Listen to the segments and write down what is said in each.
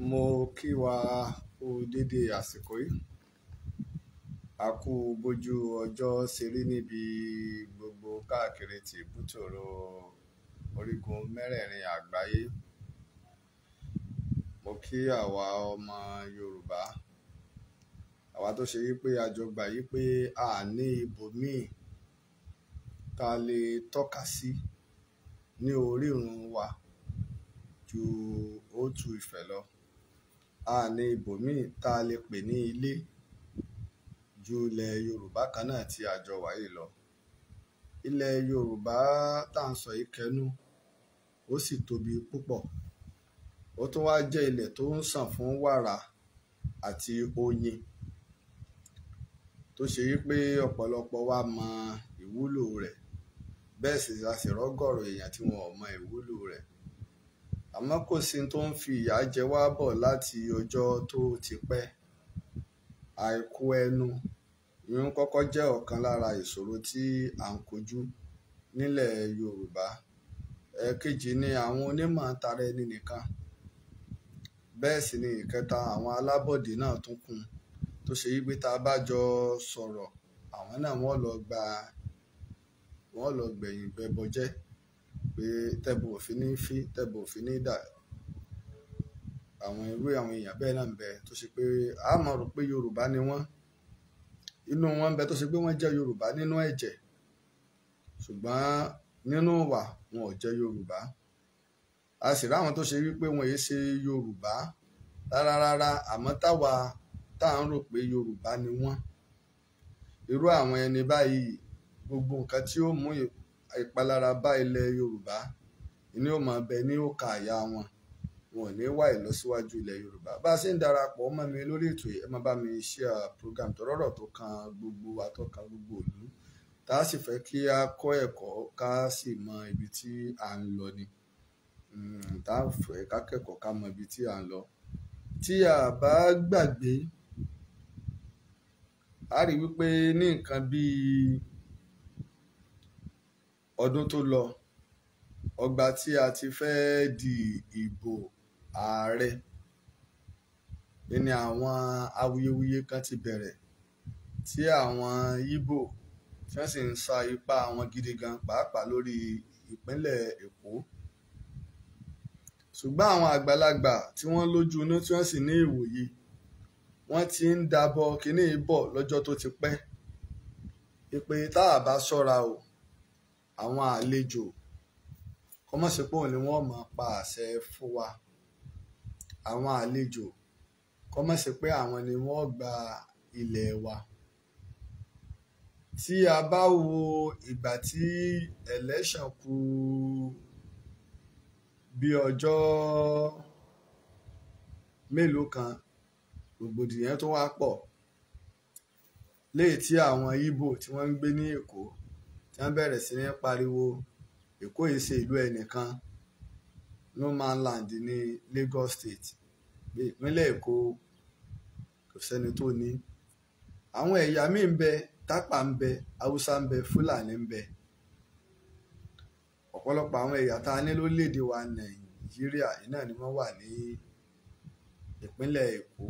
mo kí wa kú dédé àsìkò yìí a kú bójú ọjọ́ ṣe rí níbi gbogbo káàkiri ti bútòrò orígun mẹ́rẹ̀ẹ̀rin àgbáyé mo kí àwa ọmọ Yorùbá àwa tó ṣe wípé a jọ gbà yí pé a ní ibòmíì tá lè tọ́ka sí ní orírun wa ju Òtù Ìfẹ́ lọ a ní ibòmíì tá a lè pè ní ilé ju ilẹ̀ yorùbá kan náà tí a jọ wáyé lọ ilẹ̀ yorùbá tá à ń sọ yìí kẹnú ó sì tóbi púpọ̀ ó tún wá jẹ́ ilẹ̀ tó ń sàn fún wàrà àti oyin tó ṣe wípé ọ̀pọ̀lọpọ̀ wa mọ ìwúlò rẹ̀ bẹ́ẹ̀ sì la sì rọ́gọ̀rọ̀ èèyàn tí wọn ò mọ ìwúlò rẹ̀ àmọ́ kò sí ohun tó ń fi ìyà jẹ wá bọ̀ láti ọjọ́ tó ti pẹ́ àìkú ẹnu ìrun kọ́kọ́ jẹ́ ọ̀kan lára ìṣòro tí à ń kojú nílẹ̀ Yorùbá ẹ̀ẹ̀kejì ni àwọn onímọ̀ tara ẹni nìkan bẹ́ẹ̀ sì ni ìkẹta àwọn alábọ̀dé náà tún kún tó ṣe yí pé tá a bá jọ sọ̀rọ̀ àwọn náà wọ́n lọ gba wọ́n lọ pé tẹ́bù òfin ní fí tẹ́bù òfin ní dà àwọn irú àwọn èèyàn bẹ́ẹ̀ náà ń bẹ tó ṣe pé a máa rò pé Yorùbá ni wọ́n inú wọn ń bẹ tó ṣe pé wọ́n jẹ́ Yorùbá nínú ẹ̀jẹ̀ ṣùgbọ́n nínú ìwà wọn ò jẹ́ Yorùbá a sì ráwọn tó ṣe wípé wọn èé ṣe Yorùbá rárá rárá àmọ́ táwa tá à ń rò pé Yorùbá ni wọ́n irú àwọn ẹni báyìí gbogbo nǹkan tí ó mú ìpalára bá ilẹ̀ yorùbá ni ó máa bẹ ní òkà àyà wọn wọn ò ní wá ìlọsíwájú ilẹ̀ yorùbá bá a ṣe ń darapọ̀ ọmọ mi lórí ètò yìí ẹ máa bá mi ṣe program tọrọrọ̀ tó kan gbogbo àtọ́ka gbogbo ìlú tá a sì fẹ́ kí a kọ́ ẹ̀kọ́ ká sì mọ ibi tí à ń lọ ni hmm, tá a fẹ́ ká kẹ́kọ̀ọ́ ká mọ ibi tí à ń lọ tí a bá gbàgbé a rí wípé ní nǹkan bíi ọdún tó lọ ọgbà tí a ti fẹ́ẹ́ di ìbò ààrẹ ni àwọn awuyewuye kan ti bẹ̀rẹ̀ tí àwọn Ìgbò tí wọ́n sì ń sa ipá wọn gidi gan pàápàá lórí ìpínlẹ̀ Èkó ṣùgbọ́n àwọn àgbàlagbà tí wọ́n lójú inú tí wọ́n sì ní ìwòye wọ́n ti ń dabọ̀ kínní bọ̀ lọ́jọ́ tó ti pẹ́ ìpè tá a bá ṣọ́ra o àwọn àlejò kọ́mọ̀sípò ni wọ́n máa pa àṣẹ fún wa àwọn àlejò kọ́mọ̀sípò àwọn ni wọ́n gba ilẹ̀ wa tí a bá wo ìgbà tí election kù bí ọjọ́ mélòó kan rògbòdìyàn tó wá pọ̀ léè tí àwọn Ìgbò tí wọ́n ń gbé ní Èkó tí wọ́n bẹrẹ sí ní pariwo èkó yìí ṣe ìlú ẹnìkan no ní Lagos State ìpínlẹ̀ Èkó kò sẹ́ni tó ní àwọn ẹ̀yà míì ń bẹ tápà ń bẹ haúsá ń bẹ fúlàní ń bẹ ọ̀pọ̀lọpọ̀ àwọn ẹ̀yà tá a ní lórílẹ̀ wa nàìjíríà iná ni wọ́n wà ní ìpínlẹ̀ èkó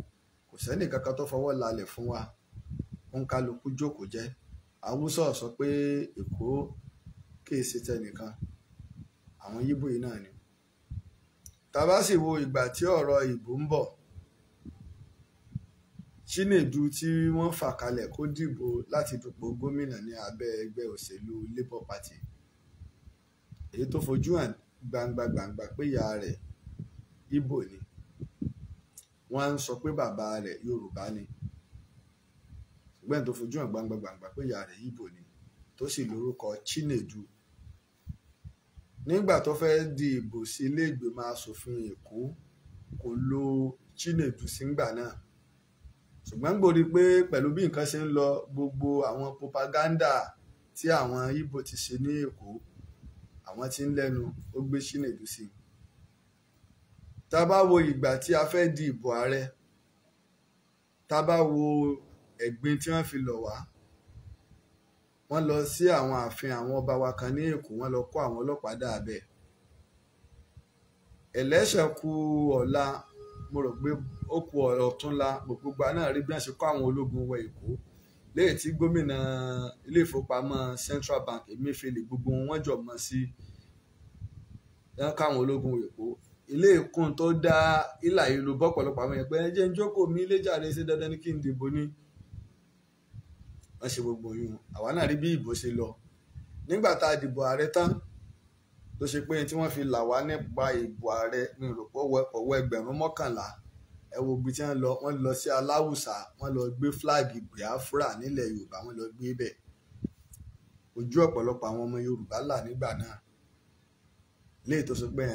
kò sẹ́ni kankan tó fọwọ́ lálẹ̀ fún wa jókòó jẹ́ haúsá sọ pé èkó kìí ṣe tẹnìkan àwọn yíbò yìí náà ni tàbá sì wo ìgbà tí ọ̀rọ̀ ìbò ń bọ̀ Chinedu tí wọ́n fà kalẹ̀ kó dìbò láti dupò gómìnà ní abẹ́ ẹgbẹ́ òṣèlú Labour Party èyí tó fojú hàn gbangba gbangba pé ìyá rẹ̀ Ìgbò ni wọ́n sọ pé bàbá rẹ̀ Yorùbá ni ṣùgbọ́n tó fojú hàn gbangba gbangba pé ìyá rẹ̀ Ìgbò ni tó sì lórúkọ Chinedu nígbà tó fẹ́ẹ́ di ìbò sí ilé ìgbìmọ̀ asòfin Èkó kò lo Chinedu sígbà náà ṣùgbọ́n gbòòrí pé pẹ̀lú bí nǹkan ṣe ń lọ gbogbo àwọn propaganda tí àwọn Ìgbò ti ṣe ní Èkó àwọn tí ń lẹ́nu ó gbé Chinedu sí tá a bá wo ìgbà tí a fẹ́ di ìbò ààrẹ tá a bá wo ẹ̀gbin tí wọ́n fi lọ̀ wá wọ́n lọ sí àwọn ààfin àwọn ọba wa kan ní Èkó wọ́n lọ kó àwọn ọlọ́pàá dà bẹ́ẹ̀ ẹlẹ́ṣẹ̀ kù mo rò pé ó kù ọ̀túnla gbogbo náà rí bí wọ́n ṣe kó àwọn ológun wọ Èkó lẹ́yìn tí gómìnà ilé ìfowópamọ́ Central Bank Emefiele gbogbo wọn jọ̀mọ́ sí káwọn ológun Èkó ilé ìkún tó dá ìlà ìlú bọ́pọ̀lọpọ̀ àwọn yẹn pé ẹ jẹ́ ń jókòó mi ilé jàre ṣe dandan ní kí n dìbò ni wọ́n ṣe gbogbo yún àwa náà rí bí ìbò ṣe lọ nígbà tá a dìbò ààrẹ tán tó ṣe pé tí wọ́n fi là wá nípa ìbò ààrẹ ní ìrọ̀pọ̀ ọ̀wọ́ ẹgbẹ̀rún mọ́kànlá ẹ wo ibi tí wọ́n lọ wọ́n lọ sí aláwùsà wọ́n lọ gbé fúláàgì Biafra nílẹ̀ Yorùbá wọ́n lọ gbé bẹ̀ ojú ọ̀pọ̀lọpọ̀ àwọn ọmọ Yorùbá là nígbà náà léè tó sọ pé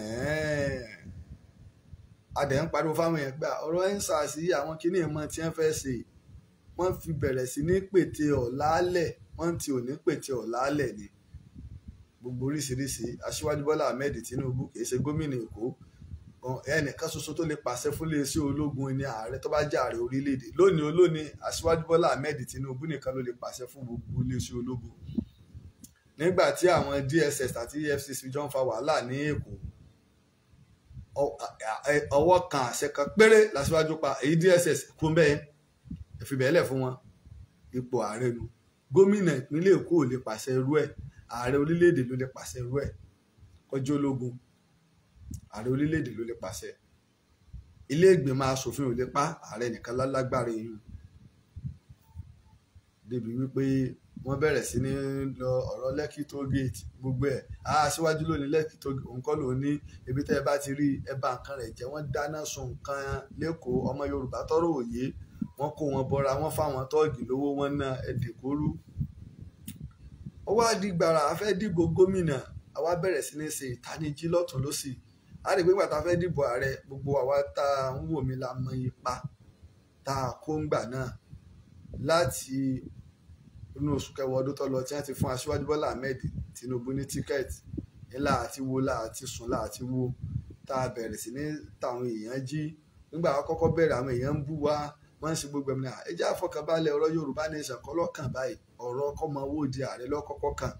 adẹ̀ ń pariwo fáwọn yẹn gbà ọ̀rọ̀ ẹ̀ ń sàásì àwọn kinní ìmọ̀ tí wọ́n fẹ́ ṣe wọ́n fi bẹ̀rẹ̀ sí ní pète ọ̀làálẹ̀ wọ́n ti òní pète ọ̀làálẹ̀ ni gbogbo oríṣiríṣi aṣíwájú bọ́lá ahmed tinubu kì í ṣe gómìnà èkó ẹnìkan ṣoṣo tó lè pàṣẹ fún iléeṣẹ́ ológun ni ààrẹ tó bá jẹ́ ààrẹ orílẹ̀-èdè lónìí olónìí aṣíwájú bọ́lá ahmed tinubu nìkan ló lè pàṣẹ fún gbogbo iléeṣẹ́ ológun nígbà tí àwọn dss àti efcc jọ ń fa wàhálà ní èkó ọwọ́ kan àṣẹ kan péré làṣíwájú pa èyí dss kún bẹ́ẹ̀ ẹ̀fìbẹ̀lẹ̀ fún wọn ipò ààrẹ nu gómìnà ìpínlẹ̀ èkó ò lè pàṣẹ irú ẹ̀ ààrẹ orílẹ̀-èdè ló lè pàṣẹ irú ẹ̀ kọjú ológun ààrẹ orílẹ̀-èdè ló lè pàṣẹ ilé ìgbìmọ̀ asòfin ò lè pa ààrẹ nìkan lálágbára èèyàn débi wípé wọ́n bẹ̀rẹ̀ sí ní lọ ọ̀rọ̀ lẹ́kì tó géètì gbogbo ẹ̀ á síwájú lónìí lẹ́kì tó òun kọ́ ló ní ibi tẹ́ ẹ bá ti rí ẹ bà nǹkan rẹ̀ jẹ́ wọ́n dáná sun nǹkan lẹ́kọ̀ọ́ ọmọ yorùbá tọ́rọ̀ òye wọ́n kó wọn bọ́ra wọ́n fáwọn tọ́ọ̀gì lówó wọn ná ẹ̀dẹ̀kóró ó wá di gbàrà a fẹ́ dìbò gómìnà a wá bẹ̀rẹ̀ sí ní ṣe ìtanijí lọ́tún lọ́sì a lè gbé ìgbà tá a fẹ́ dìbò ààrẹ gbogbo àwa tá a ń wò mí la mọ ipa tá a kó ń gbà náà láti inú oṣù kẹwàá ọdún tó lọ tí wọ́n ti fún aṣíwájú bọ́lá ahmed tinubu ní tíkẹ́ẹ̀tì ńlá àti wo là àti sùn là àti wo tá a bẹ̀rẹ̀ sí ní tàwọn èèyàn jí nígbà àkọ́kọ́ bẹ̀rẹ̀ àwọn èèyàn ń bú wa wọ́n ń ṣe gbogbo ẹ̀mí náà ah, ẹjẹ́ àfọkànbalẹ̀ ọ̀rọ̀ Yorùbá ní ìṣàkọ́lọ́ kàn báyìí ọ̀rọ̀ ọkọ̀mọ owó di ààrẹ lọ́kọ́kọ́ kan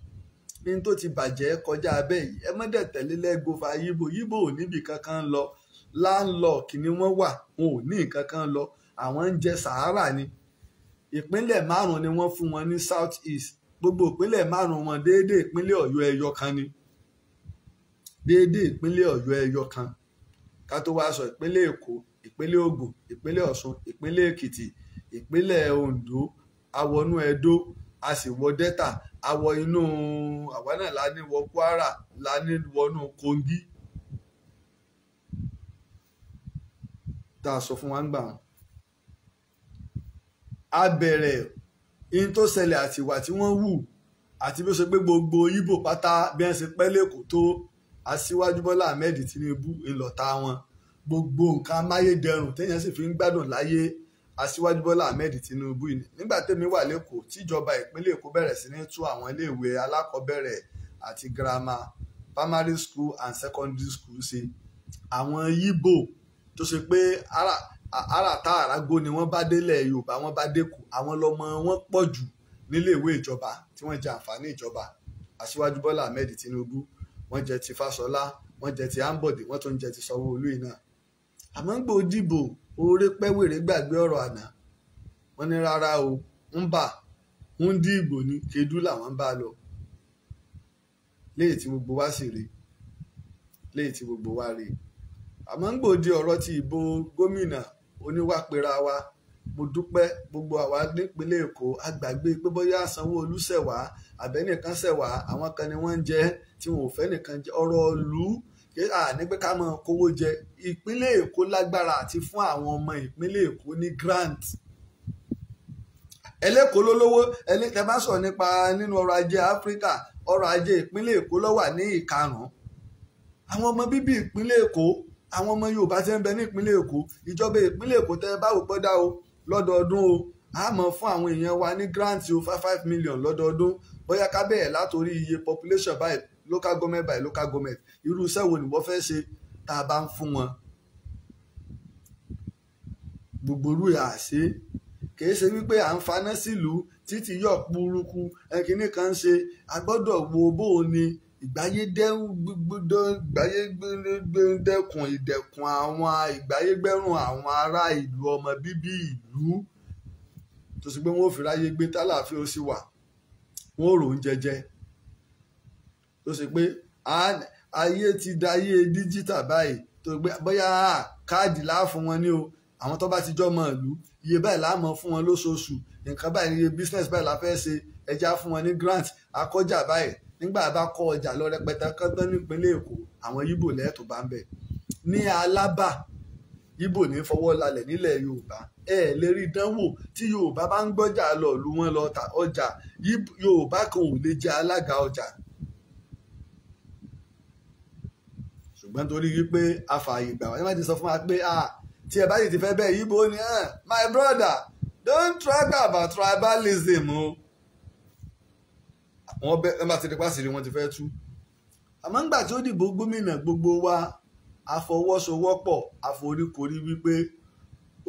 ní tó ti bàjẹ́ kọjá abẹ́ yìí ẹ mọ́dẹ̀ tẹ̀lé lẹ́gbọ́fà yíbò yíbò ò níbì kankan lọ láńlọ́ọ̀kì ni wọ́n wà wọn ò ní kankan lọ àwọn ń jẹ sàárà ni ìpínlẹ̀ márùn ni wọ́n fún wọn ní South East gbogbo ìpínlẹ̀ márùn-ún wọn déédéé ìpínlẹ̀ Ọ̀yọ́ ẹyọ kan ni déédéé ìpínlẹ̀ Ọ̀yọ́ ẹyọ kan ká tó wá sọ ìpínlẹ̀ Èkó ìpínlẹ̀ Ògùn ìpínlẹ̀ Ọ̀ṣun ìpínlẹ̀ Èkìtì ìpínlẹ̀ Oǹdó a wọnú Ẹdó a sì wọ Delta a wọ inú àwa náà la ní wọ Kwara la ní wọnú Kogi tá a sọ fún wa ń gbà wọn. a bẹ̀rẹ̀ in tó ṣẹlẹ̀ àti tí wọ́n hù àti bí ó ṣe pé gbogbo Ìgbò pátá bí wọ́n ṣe pẹ́ lẹ́kọ̀ọ́ tó Aṣíwájú Bọ́lá Ahmed Tinubu ńlọ̀ta wọn gbogbo nǹkan amáyédẹrùn téèyàn sì fi ń gbádùn láyé aṣíwájú bọ́lá ahmed tinubu ni nígbà tèmi wà lẹ́kọ̀ọ́ tíjọba ìpínlẹ̀ èkó bẹ̀rẹ̀ sí ní tú àwọn iléèwé alákọ̀ọ́bẹ̀rẹ̀ àti girama primary school and secondary school ṣe àwọn yíbò tó ṣe pé àràtà àràgbó ni wọ́n bá délẹ̀ yorùbá wọ́n bá dẹ́kù àwọn lọ́mọ wọn pọ̀ jù níléèwé ìjọba tí wọ́n jẹ àǹfààní ìjọba aṣíwájú bọ́lá ahmed tinubu wọ́n jẹ ti fáṣọlá wọ́n jẹ ti ambode wọ́n tún jẹ ti sanwó-olú yìí náà àmọ́ ń gbòó dìbò oore pẹ́wèrè gbàgbé ọ̀rọ̀ àná wọ́n ní rárá o ń bà ń dí ìgbò ni kedú làwọn bá lọ léyìí tí gbogbo wa sì rèé léyìí tí gbogbo wa rèé àmọ́ ń gbòde ọ̀rọ̀ ti ìbò gómìnà oníwàpẹ̀ra wa mo dúpẹ́ gbogbo àwa nípínlẹ̀ èkó àgbàgbé pé bóyá sanwó-olú ṣẹ̀wá àbẹ́nìkan àwọn kan ni wọ́n ń jẹ́ tí wọn ò fẹ́ nìkan jẹ́ ọ̀rọ̀ ìlú ní pé ká máa kówó jẹ ìpínlẹ̀ Èkó lágbára àti fún àwọn ọmọ ìpínlẹ̀ Èkó ní grant ẹlẹ́kọ̀ọ́ ló lówó ẹni tẹ́ bá sọ̀rọ̀ nípa nínú ọrọ̀ ajé Áfíríkà ọrọ̀ ajé ìpínlẹ̀ Èkó ló wà ní ìkarùn-ún àwọn ọmọ bíbí ìpínlẹ̀ Èkó àwọn ọmọ Yorùbá ti ń bẹ ní ìpínlẹ̀ Èkó ìjọba ìpínlẹ̀ Èkó tẹ́ báwo pẹ́ dá o lọ́dọọdún o a mọ̀ fún àwọn èèyàn wa ní grant o five five million lọ́dọọdún bóyá ká bẹ̀rẹ̀ látòrí iye population báyìí local government by local government irú iṣẹ́ wo ni wọ́n fẹ́ ṣe tá a bá ń fún wọn gbogbo irú ẹ̀ àṣẹ kìí ṣe wípé à ń faná sílùú títí yọ púrúkú ẹkíní kan ṣe a gbọ́dọ̀ wo bóun ni ìgbáyédẹ́kùn ìdẹ̀kùn àwọn ìgbáyégbẹ́rùn àwọn ará ìlú ọmọ bíbí ìlú tó sì pé wọn ò fi ráyé gbé tálàfíà ó sì wà wọn ò rò ń jẹjẹ tó ṣe pé ayé ti dayé díjítà báyìí tó ṣe pé bóyá káàdì láàfún wọn ní o àwọn tó bá ti jọ́ mọ̀ ìlú iye báyìí láàmọ̀ fún wọn lóṣooṣù nǹkan báyìí iye business báyìí la fẹ́ ṣe ẹja fún wọn ní grant akọjà báyìí nígbà bá kọ ọjà lọ rẹpẹtẹ kọ́tán nípínlẹ̀ èkó àwọn yíbò lẹ́ẹ̀tọ́ bá ń bẹ̀ ní alábà yíbò ní fọwọ́ lalẹ̀ nílẹ̀ yorùbá ẹ lè rí ìdánwò tí yorùbá bá ń gbọ́jà lọ lu wọn lọ ta ọjà yorùbá kan ò lè jẹ alága ọjà ṣùgbọ́n nítorí wípé a gbà wọ́n ẹ má ti sọ fún wa pé tí ẹ bá sì ti fẹ́ bẹ́ẹ̀ yíbo ni ah my brother don't talk about tribalism o wọ́n bẹ́ wọ́n bá ti di pàṣírí wọ́n ti fẹ́ tú àmọ́ ńgbà tí ó dìbò gómìnà gbogbo wa àfọwọ́sowọ́pọ̀ àforíkorí wípé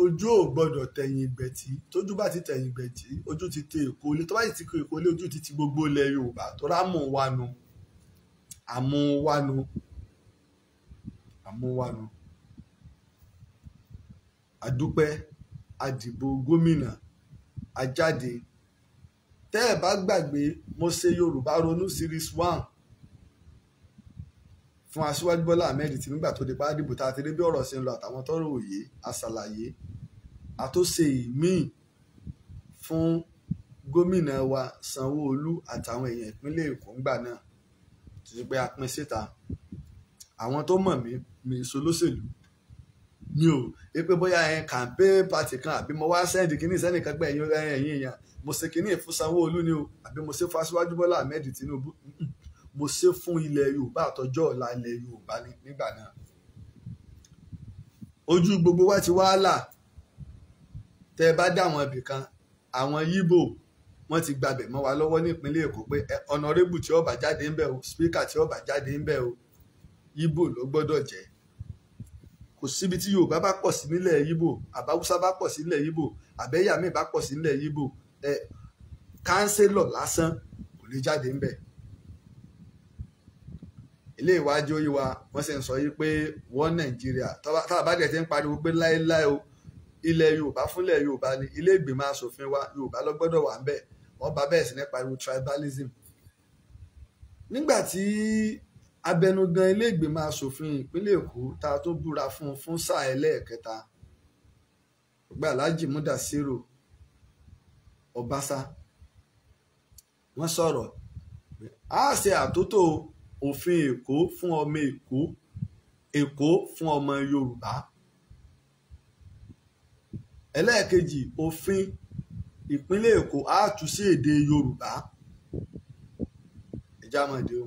ojú ò gbọdọ̀ tẹ̀yìn ìgbẹ̀tì tójú bá ti tẹ̀yìn ìgbẹ̀tì ojú ti te èkó lé tó bá èkó lé ojú ti ti gbogbo ilẹ̀ yorùbá tó rámù wánu àmú wánu àmúwánu àdúpẹ́ àdìbò gómìnà àjáde tẹ́ ẹ̀ bá gbàgbé mo ṣe yorùbá ronú series one fún aṣíwájú bọ́lá ahmed tí nígbà tó di pa dìbò tá a ti rí bí ọ̀rọ̀ ṣe ń lọ àtàwọn tọ́rọ̀ òye àṣàlàyé àtúnṣe ìmíì fún gómìnà wa sanwó-olu àtàwọn èèyàn ìpínlẹ̀ èkó ńgbà náà tó ti pé a pín síta àwọn tó mọ̀ mí mi ìsolóṣèlú mi ò ẹ pé bóyá ẹ campaign party kan àbí mo wá sẹ́ndì kínní sẹ́nì kan gbẹ̀yìn ẹ̀yìn èèyàn mo ṣe kínní fún Sanwó-Olú ni o àbí mo ṣe fún Aṣíwájú Bọ́lá Ahmed Tinubu mo ṣe fún ilẹ̀ Yorùbá àtọjọ́ ọ̀la ilẹ̀ Yorùbá nígbà náà ojú gbogbo wa ti wàhálà tẹ ẹ bá dá àwọn ibì kan àwọn Yíbò wọ́n ti gbàbẹ̀ mọ́ wa lọ́wọ́ nípínlẹ̀ Èkó pé ọ̀nàrẹ́bù tí ó bá jáde ń bẹ̀ o spíkà tí ó bá jáde ń bẹ̀ o Yíbò ló gbọ́dọ̀ jẹ́ kò síbi tí yorùbá bá pọ̀ sí nílẹ̀ yíbò àbáwúsá bá pọ̀ sí nílẹ̀ yíbò àbẹ́yàmí bá pọ̀ sí nílẹ̀ yíbò ẹ kánsélọ̀ lásán kò lè jáde ńbẹ̀ ilé ìwájú oyè wa wọ́n sì ń sọ yí pé wọ́n nàìjíríà táwa bá dẹ̀ ti ń pariwo pé láéláé o ilẹ̀ yorùbá fúnlẹ̀ yorùbá ni ilé ìgbìmọ̀ asòfin wa yorùbá ló gbọ́dọ̀ wà ńbẹ̀ wọ́n bá bẹ̀rẹ̀ sí ní pariwo tribalism nígbà tí abẹnugan iléègbìmọ asòfin ìpínlẹ̀ èkó ta tó búra fún un fún sáà ẹlẹ́ẹ̀kẹta ọgbà aláàjì múdàsírò ọbaṣá wọ́n sọ̀rọ̀ a ṣe àtúntò òfin èkó fún ọmọ èkó èkó fún ọmọ yorùbá ẹlẹ́ẹ̀kejì òfin ìpínlẹ̀ èkó a tún sí èdè yorùbá ẹjá mọ̀ dé o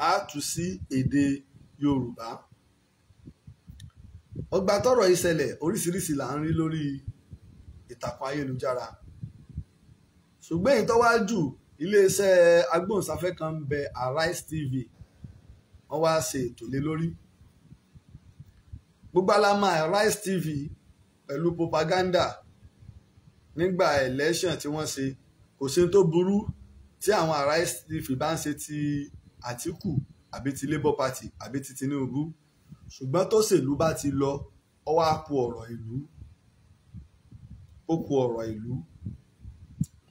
á tú sí èdè Yorùbá ọgbà tọrọ ìṣẹ̀lẹ̀ oríṣiríṣi là ń rí lórí ìtàkùn ayélujára ṣùgbọ́n èyí tó wá jù iléeṣẹ́ agbóhùnsáfẹ́ kan ń bẹ Arise TV wọ́n wá ṣe ètò lé lórí gbogbo alamọ Arise TV pẹ̀lú propaganda nígbà election tí wọ́n ṣe kò sí tó burú tí àwọn Arise TV bá ń ṣe ti. Àtíkù àbí ti Labour Party àbí ti Tinubu ṣùgbọ́n tóṣèlú bá ti lọ ó wá ku ọ̀rọ̀ ìlú ó ku ọ̀rọ̀ ìlú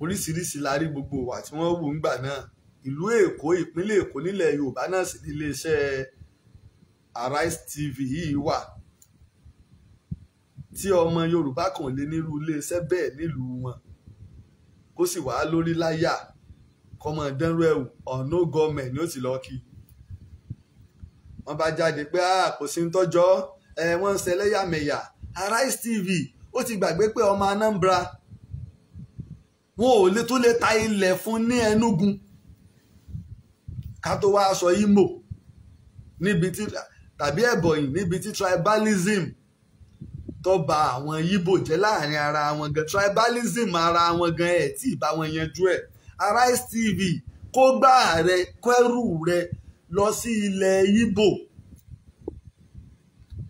oríṣiríṣi la rí gbogbo ìwà tí wọ́n wù ńgbà náà ìlú Èkó ìpínlẹ̀ Èkó nílẹ̀ Yorùbá náà sì ní iléeṣẹ́ Arise TV yìí wà tí ọmọ Yorùbá kan lè nírú iléeṣẹ́ bẹ́ẹ̀ nílùú wọn kó sì wá lórí láyà kọ́mọ dánrú ẹ̀wù ọ̀nà gọ́ọ̀mẹ̀ ni ó sì lọ kí wọ́n bá jáde pé ah, kò sí ń tọ́jọ́ ẹ wọ́n ń ṣẹlẹ́yàmẹ̀yà Arise TV ó ti gbàgbé pé ọmọ Anambra wọn ò lè tó lè ta ilẹ̀ fún ní Enugu ká tó wá aṣọ Imo níbi tí tàbí Ebonyi níbi tí tribalism tó ba àwọn Yíbò jẹ́ láàrin ara wọn gan tribalism ara wọn gan ẹ̀ tí ì bá wọn yanjú ẹ̀. Arise TV kó gbá rẹ kẹrù rẹ lọ sí ilẹ̀ Ìgbò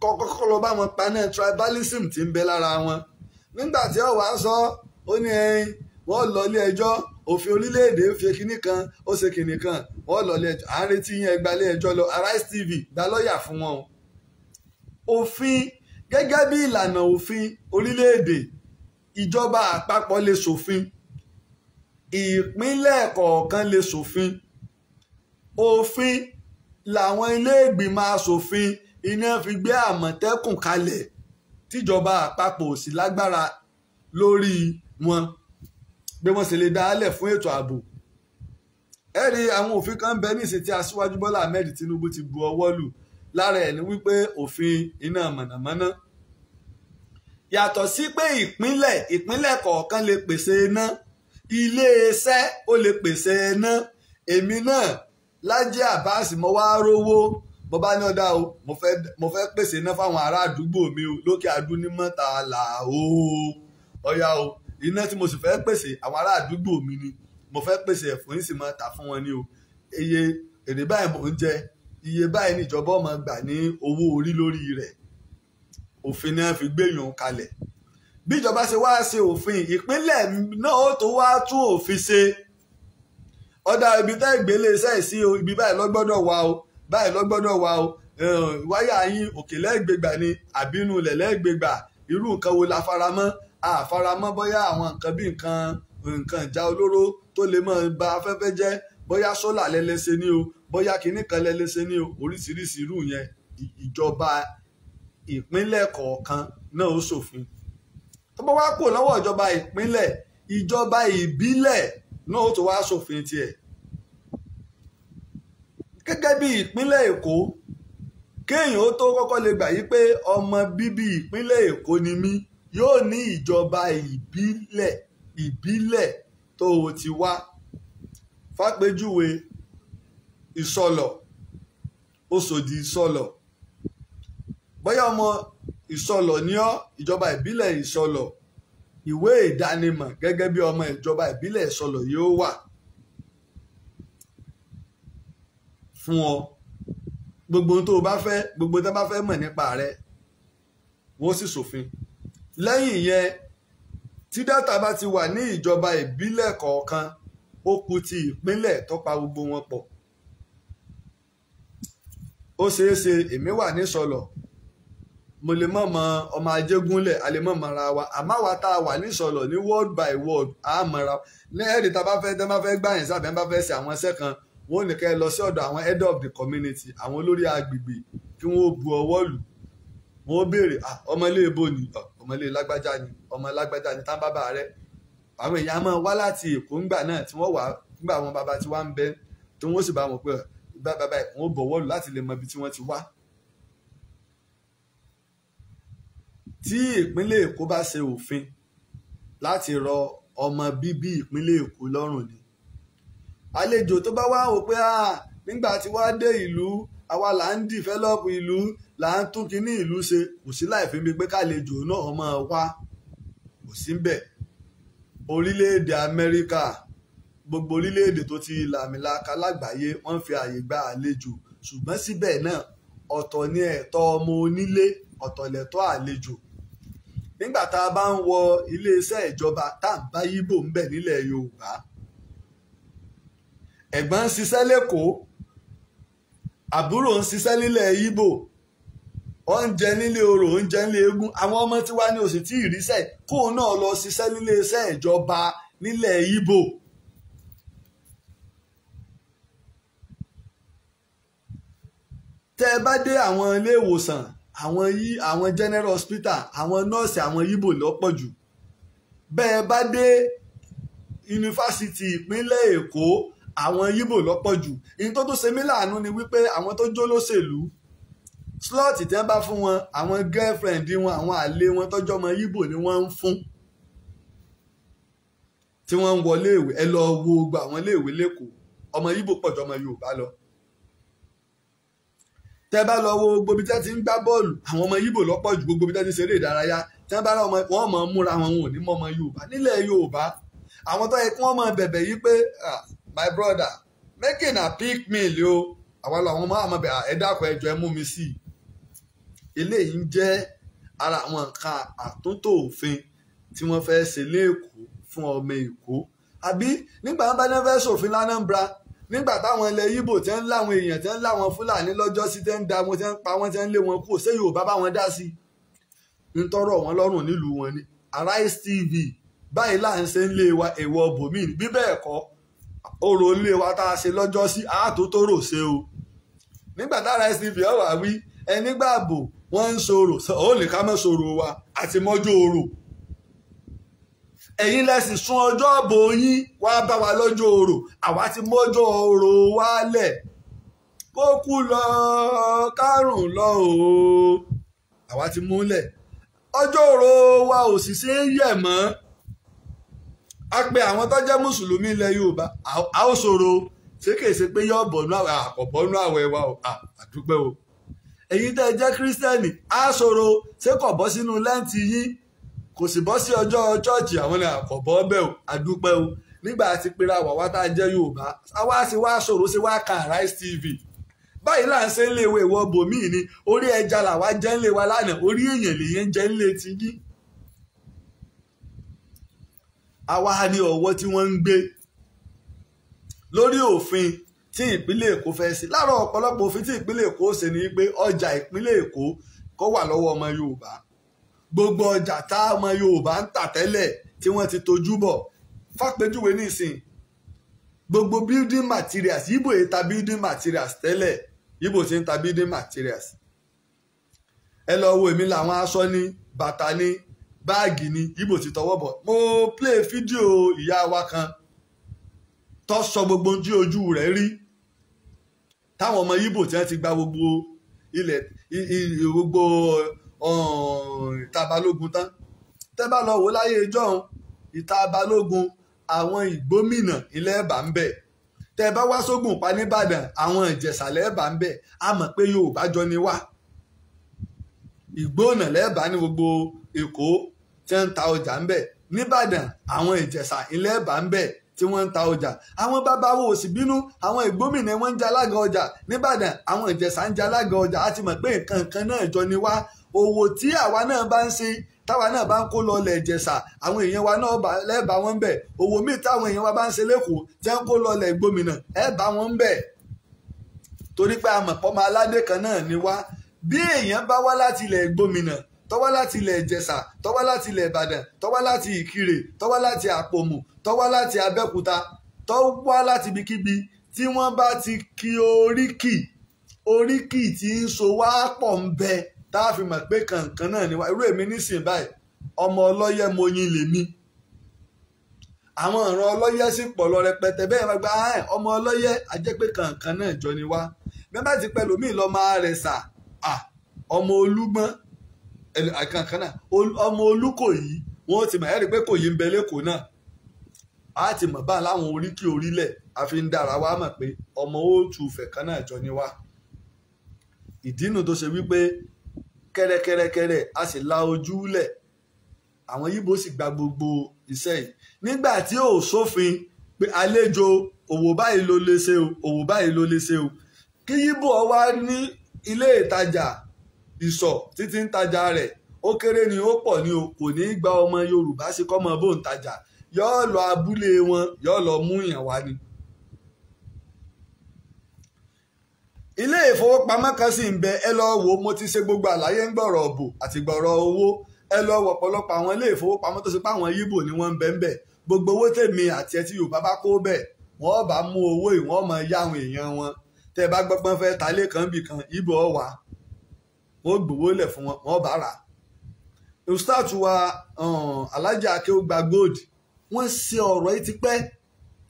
kọ́kọ́kọ́ lọ bá wọn paná tribalism ti ń bẹ lára wọn nígbà tí ọ̀wá sọ ó ní ẹyin wọ́n lọ ilé ẹjọ́ òfin orílẹ̀-èdè ń fi kinní kan ó ṣe kinní kan wọ́n lọ ilé ẹjọ́ à ń retí yín ẹgbàá lọ Arise TV gba lọ́ọ̀yà fún wọn o òfin gẹ́gẹ́ bí ìlànà òfin orílẹ̀-èdè ìjọba àpapọ̀ lè ṣòfin. So ìpínlẹ̀ kọ̀ọ̀kan lè ṣòfin òfin làwọn iléègbìmọ̀ asòfin iná fi gbé àmọ̀tẹ́kùn kalẹ̀ tíjọba àpapọ̀ ò sí lágbára lórí wọn bí wọ́n sì lè dálẹ̀ fún ètò ààbò ẹ̀rí àwọn òfin kan bẹ nísìn tí aṣíwájú Bọ́lá Ahmed Tinubu ti bu ọwọ́ lù lára ẹ̀ ní wípé òfin iná mọ̀nàmọ́ná yàtọ̀ sí pé ìpínlẹ̀ ìpínlẹ̀ kọ̀ọ̀kan lè pèsè iná iléeṣẹ́ ó lè pèsè ẹná èmi náà Lájí Abbas mo wá rówó mo bá ní ọ̀dà o mo fẹ́ pèsè iná fáwọn ará àdúgbò mi o lókè adúnímọ̀ta là o ọ̀yà o iná tí mo sì fẹ́ pèsè àwọn ará àdúgbò mi ni mo fẹ́ pèsè ẹ̀fọ́ yìí sì máa tà fún wọn ni o iye èrè báyìí mò ń jẹ iye báyìí níjọba ọmọ gbà ní owó orí lórí rẹ̀ òfin náà fi gbé yàn kalẹ̀ bíjọba ṣe wá ṣe òfin ìpínlẹ̀ náà ó tó wá tún òfin ṣe ọ̀dà ibi tẹ́ ìgbélé iṣẹ́ sí o ibi báyìí lọ́gbọ́dọ̀ wà o báyìí lọ́gbọ́dọ̀ wà o wáyà yín òkè lẹ́gbẹ̀gbà ni àbínú ilẹ̀ lẹ́gbẹ̀gbà irú nǹkan wo la faramọ́ àfaramọ́ bóyá àwọn nǹkan bí nǹkan nǹkan ìjà olóró tó lè mọ́ ba afẹ́fẹ́ jẹ́ bóyá sólà lẹ́lẹ́sẹ̀ ni o bóyá kinní kan lẹ́lẹ́sẹ̀ ni o oríṣiríṣi irú yẹn ìjọba ìpínlẹ̀ kọ̀ọ̀kan náà ó ṣòfin tó bá wá kò lọ́wọ́ ìjọba ìpínlẹ̀ ìjọba ìbílẹ̀ náà ó tó wá ṣòfin tiẹ̀ gẹ́gẹ́ bí ìpínlẹ̀ èkó kéèyàn ó tó kọ́kọ́ lè gbà yí pé ọmọ bíbí ìpínlẹ̀ èkó ni mí yóò ní ìjọba ìbílẹ̀ ìbílẹ̀ tó o ti wá fàpèjúwe ìsọlọ̀ Òṣòdì ìsọlọ̀ bóyá ọmọ ìsọlọ̀ ní ọ́ ìjọba ìbílẹ̀ ìsọlọ̀ ìwé ìdánimọ̀ gẹ́gẹ́ bí ọmọ ìjọba ìbílẹ̀ ìsọlọ̀ yóò wà fún ọ gbogbo tó o bá fẹ́ gbogbo tó o bá fẹ́ mọ̀ nípa rẹ wọ́n sì ṣòfin lẹ́yìn yẹn tí dátà bá ti wà ní ìjọba ìbílẹ̀ kọ̀ọ̀kan ó kù ti ìpínlẹ̀ tó pa gbogbo wọn pọ̀ ó ṣeé èmi wà ní sọlọ̀ mo lè mọ̀ mọ ọmọ ajégúnlẹ̀ a lè mọ̀ mọ́ra wa àmọ́ wa tá a wà nísọ̀lọ̀ ní word by word a mọ̀ra lẹ́yìn tá a bá fẹ́ tẹ́ bá fẹ́ gbà yẹn sábẹ́ bá fẹ́ ṣe àwọn iṣẹ́ kan wọ́n ní lọ sí ọ̀dọ̀ àwọn head of the community àwọn olórí agbègbè kí wọ́n bu ọwọ́ lù wọ́n béèrè ọmọlé ibo ni ọmọlé lágbájá ni ọmọ lágbájá ni tán bàbá rẹ àwọn èèyàn máa wá láti èkó ńgbà náà tí wọ́n wà ńgbà àwọn bàbá tí wọ́n ń bẹ tí wọ́n sì bá wọn pé bàbá ẹ̀ wọ́n bọ̀wọ́ lù láti lè mọ ibi tí wọ́n ti wá tí ìpínlẹ̀ èkó bá ṣe òfin láti rọ ọmọ bíbí ìpínlẹ̀ èkó lọ́rùn ni àlejò tó bá wá wò pé nígbà tí wàá dé ìlú àwa là ń dìfẹ́lọ́pù ìlú là ń tún kíní ìlú ṣe kò sí láì fi mi pé kálejò náà máa wá kò sí ń bẹ̀ orílẹ̀-èdè amẹ́ríkà gbogbo orílẹ̀-èdè tó ti làmìlaka lágbàáyé wọ́n ń fi àyè gba àlejò ṣùgbọ́n síbẹ̀ náà ọ̀tọ̀ ni ẹ̀tọ́ ọmọ onílé ọ̀tọ̀ lẹ̀tọ́ àlejò nígbà tá a bá ń wọ iléeṣẹ́ ìjọba tá à ń bá yíbò ń bẹ̀ nílẹ̀ yorùbá ẹ̀gbọ́n ń ṣiṣẹ́ lẹ́kọ̀ọ́ àbúrò ń ṣiṣẹ́ nílẹ̀ yíbò oúnjẹ nílé orò oúnjẹ nílé eégún àwọn ọmọ tiwa ni òsì tí ìrísẹ̀ kóun náà lọ ṣiṣẹ́ níléeṣẹ́ ìjọba nílẹ̀ yíbò. tẹ́ ẹ bá dé àwọn ilé ìwòsàn àwọn yí àwọn general hospital àwọn nọ́ọ̀sì àwọn Ìgbò lọ́pọ̀ jù bẹ́ẹ̀ bá dé yunifásitì ìpínlẹ̀ Èkó àwọn Ìgbò lọ́pọ̀ jù ìyẹn tó tó ṣe mí láàánú ni wípé àwọn tó jó lóṣèlú slọ́ọ̀tì tẹ́ bá fún wọn àwọn girlfriend wọn àwọn àlè wọn tọ́jọ́ ọmọ Ìgbò ni wọ́n ń fún tí wọ́n ń wọlé ìwé ẹ lọ wo gba àwọn ilé ìwé lẹ́kọ̀ọ́ ọmọ Ìgbò pọ̀jọ́ ọmọ Yorùbá lọ tẹ́ bá lọ wo gbogbo ibi ti ń gbá bọ́ọ̀lù àwọn ọmọ Yíbò lọ́pọ̀ ju gbogbo ibi ti ṣeré ìdárayá tẹ́ bá rà wọ́n mọ̀ múra wọn ò ní mọ́ ọmọ Yorùbá nílẹ̀ Yorùbá àwọn tó yẹ kí wọ́n mọ̀ bẹ̀bẹ̀ yí pé my brother making a pick meal o àwọn làwọn ọmọ àmọ́ bẹ̀ ẹ dákọ̀ ẹjọ́ ẹ mú mi sí i eléyìí ń jẹ́ ara àwọn nǹkan àtúntò òfin tí wọ́n fẹ́ ṣe lẹ́ẹ̀kọ́ fún ọmọ Èkó àbí nígbà wọn bá ní wọ́n fẹ́ ṣòfin l'Anambra nígbà táwọn ilẹ̀ Ìgbò tẹ́ ń láwọn èèyàn tẹ́ ń láwọn Fúlàní lọ́jọ́ sí tẹ́ ń da wọn tẹ́ ń pa wọn tẹ́ ń lé wọn kú ṣé Yorùbá bá wọn dá sí i ń tọrọ wọn lọ́rùn nílùú wọn ni Arise TV báyìí là ń ṣe ń lé wa èèwọ̀ bòmí bí bẹ́ẹ̀ kọ́ orò ilé wa tá a ṣe lọ́jọ́ sí àtòtòrò ṣe o nígbà tá Arise TV ọ̀wà wí ẹni gbàgbọ́ wọ́n ń ṣòro ó ní ká mọ́ ṣòro wa àti mọ́jú ẹ̀yin lẹ́sìn sún ọjọ́ ọ̀bọ yín wá bá wa lọ́jọ́ orò àwa ti mọ́jọ́ orò wálẹ̀ kó kú lọ kárùn lọ o àwa ti múlẹ̀ ọjọ́ orò wa ò sì ṣe é yẹ̀ mọ́ a pe àwọn tó jẹ́ mùsùlùmí ilẹ̀ Yorùbá a ó sọ̀rọ̀ ṣé kìí ṣe pé yóò bọ̀nú àwẹ̀ àkọ́bọ̀nú àwẹ̀ wa o àdúpẹ́ o èyí tẹ́ jẹ́ kírísítẹ́nì a sọ̀rọ̀ ṣé kò bọ́ sínú lẹ́ǹtì yín kò sì bọ́ sí ọjọ́ chọ́ọ̀chì àwọn ní àkọ́bọ́ bẹ́ẹ̀ o àdúpẹ́ o nígbà tí pera wàwá tá a jẹ́ yorùbá àwa sì wá ṣòro sí wá kan Arise TV báyìí là ń ṣe ń léwe ìwọ bòmíì ni orí ẹja làwa jẹ́ ń lé wa lánàá orí èèyàn lèyẹn jẹ́ ń lé ti yí àwa ni ọ̀wọ́ tí wọ́n ń gbé lórí òfin tí ìpínlẹ̀ èkó fẹ́ sí láàárọ̀ ọ̀pọ̀lọpọ̀ òfin tí ìpínlẹ̀ èkó ṣe ni pé ọjà ìpínlẹ̀ èkó kó wà lọ́wọ́ ọmọ yorùbá gbogbo ọjà tá a mọ Yorùbá ń tà tẹ́lẹ̀ tí wọ́n ti tojú bọ̀ fàpèjúwe nísìn gbogbo building materials Ìgbò yìí ta building materials tẹ́lẹ̀ Ìgbò ti ń ta building materials ẹ lọ wo èmi làwọn aṣọ ní bàtà ní báàgì ní Ìgbò ti tọwọ́ bọ̀ mo play fídíò ìyá wa kan tó sọ gbogbo ojú ojú rẹ̀ rí táwọn ọmọ Ìgbò tí wọ́n ti gba gbogbo ilẹ̀ gbogbo ìta balógun tán tẹ́ bá lọ wò láyé ìjọ́un ìta balógun àwọn ìgbómìnà ilẹ̀ ẹ̀bà ń bẹ̀ tẹ́ bá wá sógun pa nìbàdàn àwọn ìjẹ̀sàlẹ̀ ẹ̀bà ń bẹ̀ a mọ̀ pé yorùbá jọ ni wá ìgbóònà lẹ́ẹ̀bà ní gbogbo èkó tí wọ́n ń ta ọjà ń bẹ̀ nìbàdàn àwọn ìjẹ̀sà ilẹ̀ ẹ̀bà ń bẹ̀ tí wọ́n ń ta ọjà àwọn bàbá wo sì bínú àwọn ìgbómìnà wọn ń jẹ alága ọjà nìbàdàn àwọn ìjẹ̀sà ń jẹ alága ọjà a ti mọ̀ pé nǹkan kan náà jọ ni wá òwò tí àwa náà bá ń ṣe táwa náà bá ń kó lọ lẹ̀ jẹ̀sà àwọn èèyàn wa náà lẹ́ẹ̀bà wọn bẹ̀ òwò míì táwọn èèyàn wa bá ń ṣe lẹ́kọ̀ọ́ jẹ́ ń kó lọ lẹ̀ gbómìnà ẹ̀ẹ́bà wọn bẹ̀ torí pé àmọ̀ pọ́mọ aládé kan náà ni wá bí èèyàn bá wá láti ilẹ̀ gbómìnà tó wá láti ilẹ̀ ìjẹ̀ṣà tó láti ilẹ̀ ìbàdàn tó láti ìkirè tó láti àpòmù tó láti abẹ́kúta tó láti ibikíbi tí wọ́n bá ti ki oríkì oríkì tí ń so wá pọ̀ ń bẹ́ẹ̀ tá a fi mọ̀ pé kankan náà ni wá irú èmi nísìnyí báyìí ọmọ ọlọ́yẹ mo yin lèmi àwọn ọ̀ràn ọlọ́yẹ sì pọ̀ lọ rẹpẹtẹ bẹ́ẹ̀ máa gba ọmọ ọlọ́yẹ ajẹ́ pé kankan náà jọ ni wá bẹ́ẹ̀ ti pẹ́ lómi lọ máa rẹ̀ sà ọmọ olúgbọ́n kankan náà ọmọ olúkòyí wọ́n ti mọ̀ ẹ́ rí i pé kòyí ń bẹ lẹ́kọ̀ọ́ náà a ti mọ̀ bá láwọn oríkì orílẹ̀ a fi ń dára wa mọ̀ pé ọmọ òòtù fẹ̀kan náà jọ ni wá ìdí nu tó ṣe wípé kẹ́rẹ́kẹ́rẹ́kẹ́rẹ́ a sì la ojú lẹ̀ àwọn yíbo sì gba gbogbo iṣẹ́ yìí nígbà tí ò sófin pé àlejò òwò báyìí ló lè ṣe o òwò báyìí ló lè ṣe o kí yíbo wá ní ilé ìtajà ìsọ̀ títí ń tajà rẹ̀ ó kéré ni ó pọ̀ ni o kò ní í gba ọmọ yorùbá sí kọ́mọ bó ń tajà yọ́ọ́ lọ abúlé wọn yọ́ọ́ lọ mú yàn wá ni. ilé ìfowópamọ́ kan sì ń bẹ ẹ lọ wò mo ti ṣe gbogbo àlàyé ń gbọ̀rọ̀ ọ̀bù àti gbọ̀rọ̀ owó ẹ lọ wò ọ̀pọ̀lọpọ̀ àwọn ilé ìfowópamọ́ tó ṣe pé àwọn yíbò ni wọ́n ń bẹ ń bẹ gbogbo owó tèmi àti ẹtí yorùbá bá kó bẹ̀ wọ́n bá mú owó ìwọ́n mọ yá àwọn èèyàn wọn tẹ́ ẹ bá gbọ́gbọ́n fẹ́ ta lé kan bì kan yíbò ọ̀ wá wọ́n gbowó lẹ̀ fún wọn wọ́n bá rà ustaatu wa um, alájà akéwògbà gold wọ́n ṣe ọ̀rọ̀ yìí ti pẹ́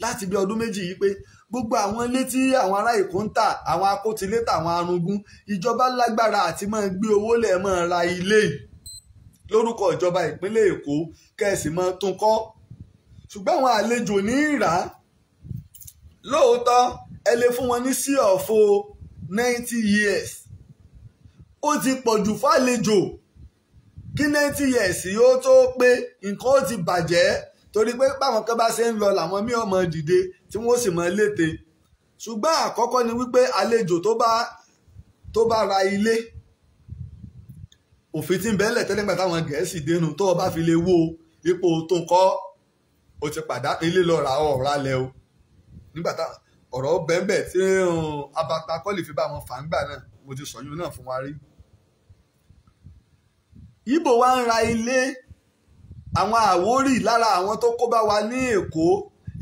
láti bí ọdún méjì yìí pé gbogbo àwọn ilé tí àwọn ará èkó ń tà àwọn akótilé tàwọn arúgún ìjọba lágbára àti máa gbé owó lẹ̀ máa ra ilé lórúkọ ìjọba ìpínlẹ̀ èkó kẹ̀sì máa tún kọ́ ṣùgbọ́n àwọn àlejò ní ìrà lóòótọ́ ẹ lè fún wọn ní sí ọ̀fọ̀ ninety years ó ti pọ̀jù fàlejò kí ninety years yóò tó pé nǹkan ó ti bàjẹ́ torí pé báwọn kan bá ṣe ń lọ làwọn míì ọmọ dìde tí wọ́n sì mọ léte ṣùgbọ́n àkọ́kọ́ ni wípé àlejò tó bá tó bá ra ilé òfin tí ń bẹ́ẹ̀lẹ̀ tẹ́lẹ̀ nígbà táwọn gẹ̀ẹ́sì dénú tó o bá fi lè wo ipò tó ń kọ́ o ti pàdá ilé lọ ra ọ̀rá lẹ o nígbà tá ọ̀rọ̀ bẹ́ẹ̀ tí um, abata kọ́lì fi bá wọn fà ń gbà náà mo ti sọ̀yún náà fún wa rí. Ìbò wa ń ra ilé àwọn Àwórì lára àwọn tó kó bá wa ní Èkó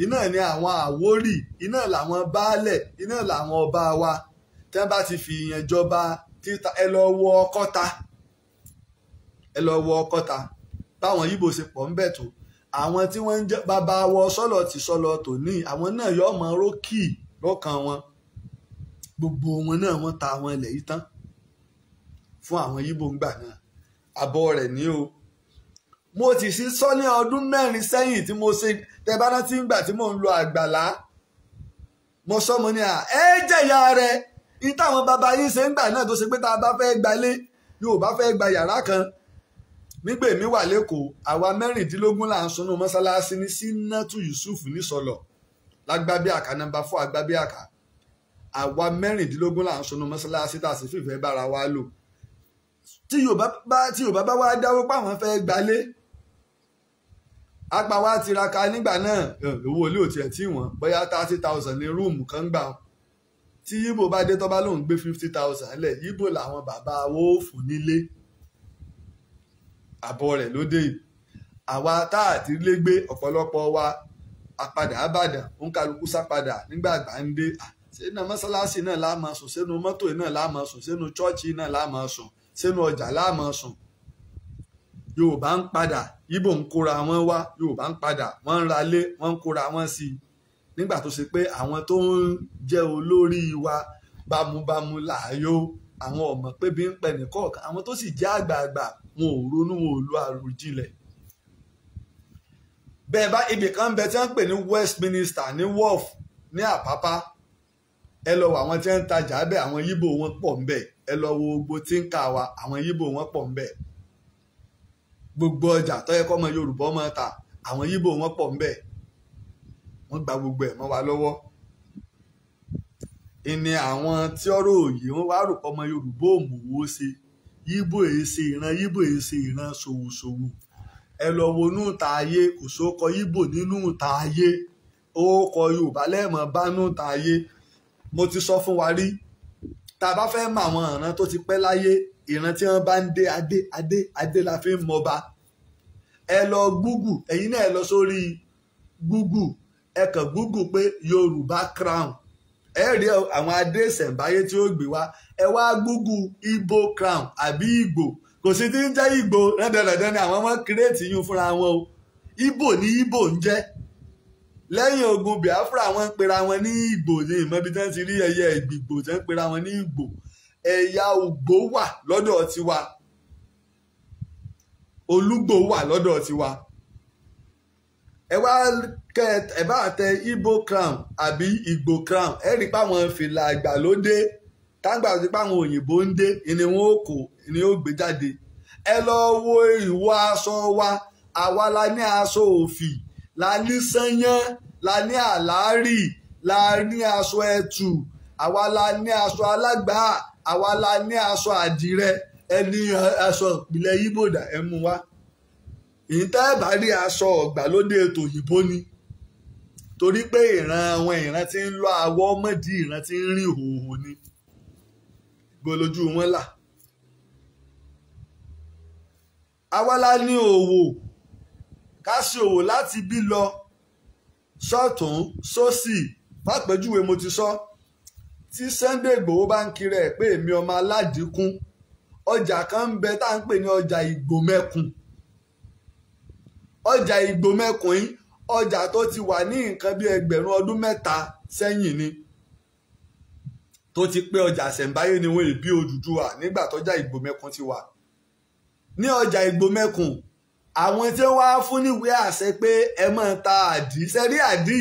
iná ni àwọn àwórì iná làwọn baálẹ̀ iná làwọn ọba wa tí wọ́n bá ti fi ìyẹn jọba títa ẹ lọ wọ ọkọ́ta ẹ lọ wọ ọkọ́ta báwọn yíbo ṣe pọ̀ ń bẹ̀ tó àwọn tí wọ́n ń jẹ́ bàbá wọ sọ́lọ̀ tì sọ́lọ̀ tò ní àwọn náà yọ ọmọ rókì lọ́kàn wọn gbogbo wọn náà wọ́n ta àwọn ilẹ̀ yìí tán fún àwọn yíbo ńgbà náà àbọ̀ rẹ̀ ní o mo sì sí sọ ní ọdún mẹ́rin sẹ́yìn tí mo ṣe tẹ bá rántí ngbà tí mò ń lo àgbàlá mo sọ mo ní à ẹ jẹ̀yà rẹ̀ ní táwọn bàbá yín ṣe ń gbà náà tó ṣe pé tá a bá fẹ́ gbalé Yorùbá fẹ́ gba yàrá kan nígbè mí wà lẹ́kọ̀ọ́ àwa mẹ́rìndínlógún là ń sunú mọ́sálásí ní sínátù Yusuf nísọlọ̀ lágbábí àká nọmba fọ́ àgbábí àká àwa mẹ́rìndínlógún là ń sunú mọ́sálásí tá a sì fìfẹ́ bára wa lò tí Yorùbá bá wá dáwó páwọn fẹ́ gbalé apá wa tiraka nígbà náà owó ilé ò tiẹ̀ tí wọ́n bóyá thirty thousand ní rúùmù kan gbà tí yíbo bá dé tọ́ba lòun gbé fifty thousand lẹ̀ yíbo làwọn bàbá wo fún nílé àbọ̀ rẹ̀ lóde yìí àwa tá à ti lé gbé ọ̀pọ̀lọpọ̀ wa àpadà àbàdàn òǹkàlùkù sápadà nígbà àgbà ń dé sínú mọ́sálásí náà la máa sùn sínú mọ́tò náà la máa sùn sínú chọ́ọ̀chì náà la máa sùn sínú ọjà la máa sùn yorùbá ń padà ibo ń kóra wọn wá yorùbá ń padà wọ́n ń ralé wọ́n ń kóra wọn sí i nígbà tó ṣe pé àwọn tó ń jẹ́ olórí wa bámúbámú làáyó àwọn ọmọ pé bí ń pẹ nìkọ̀ọ̀kan àwọn tó sì jẹ́ àgbààgbà wọn ò ronú wọn ò lo àròjinlẹ̀ bẹ́ẹ̀ bá ibì kan bẹ tí wọ́n pè ní Westminster ní Wharf ní Àpápá ẹ lọ wo àwọn tí wọ́n ń tajà bẹ́ẹ̀ àwọn yíbò wọn pọ̀ ń bẹ̀ ẹ lọ wo gbogbo tí ń kà wá àwọn yíbò wọn pọ̀ ń bẹ̀ gbogbo ọjà tó yẹ kọ́mọ Yorùbá ọmọ ta àwọn Yíbò wọn pọ̀ ńbẹ̀ wọ́n gba gbogbo ẹ̀ mọ́ wa lọ́wọ́ ìní àwọn tí ọ̀rọ̀ òye wọn wá rò pọ́mọ Yorùbá òmùwò ṣe Yíbò èé ṣe ìran Yíbò èé ṣe ìran ṣòwòṣòwò ẹ lọ wonú ta ayé kò sóko Yíbò nínú ta ayé ó kọ Yorùbá lẹ́ẹ̀mọ́ bánú ta ayé mo ti sọ fún wa rí tá bá fẹ́ mọ àwọn ìran tó ti pẹ́ láyé ìran tí wọ́n bá ń dé adé adé adé la fi ń mọba ẹ lọ gúgù ẹ̀yin náà ẹ lọ sórí gúgù ẹ kàn gúgù pé Yorùbá crown ẹ rí àwọn adé ìṣẹ̀ǹbáyé tí ó gbé wá ẹ wá gúgù Igbo crown àbí Igbo kò sí tí ń jẹ́ Igbo rẹ́dẹ̀rẹ́dẹ́ ni àwọn ọmọ kírètì yún fúnra wọn o Igbo ni Igbo ń jẹ́ lẹ́yìn ogun Biafra wọ́n ń pera wọn ní Igbo ní ìmọ̀bí tí wọ́n ti rí ẹyẹ ìgbìgbò tí wọ́n ń pera wọn ní Igbo ẹ̀yà ògbó wà lọ́dọ̀ tiwa olúgbò wà lọ́dọ̀ tiwa ẹ wá kẹ ẹ bá tẹ Igbo crown àbí Igbo crown ẹ rí páwọn fìlà àgbàlódé tágbà tí páwọn òyìnbó ń dé ni wọn ó kó ni ó gbé jáde ẹ lọ wo ìwọ aṣọ wa àwa la ní aṣọ òfì la ní sányán la ní àlárì la ní aṣọ ẹtù àwa la ní aṣọ alágbàá àwa la ní aṣọ àdìrẹ ẹni aṣọ ìpìlẹ̀ yíbò dà ẹ mú wá ìtẹ́ẹ̀bá rí aṣọ ọ̀gbàlódé ètò òyìnbó ni torí pé ìran àwọn ìran tí ń lọ àwọ̀ mọ̀dí ìran tí ń rìn hòhò ni gbọ́lójú wọn là àwa la ní òwò ká ṣe òwò láti bí lọ sọ́tún sósì fàpẹ́júwe mo ti sọ. So tí Sunday Ìgbòho bá ń kiri ẹ̀ pé èmi ọmọ aládìkún ọjà kan ń bẹ tá à ń pè ní ọjà ìgbòmẹ̀kùn ọjà ìgbòmẹ̀kùn yìí ọjà tó ti wà ní nǹkan bí ẹgbẹ̀rún ọdún mẹ́ta sẹ́yìn ni tó ti pé ọjà àṣẹ̀ǹbáyé ni wọ́n èbí Odùduwà nígbà tọ́jà ìgbòmẹ̀kùn ti wà ní ọjà ìgbòmẹ̀kùn àwọn tí wọ́n á fún níwèé àṣẹ pé ẹ máa ta àdí sẹ́rí àdí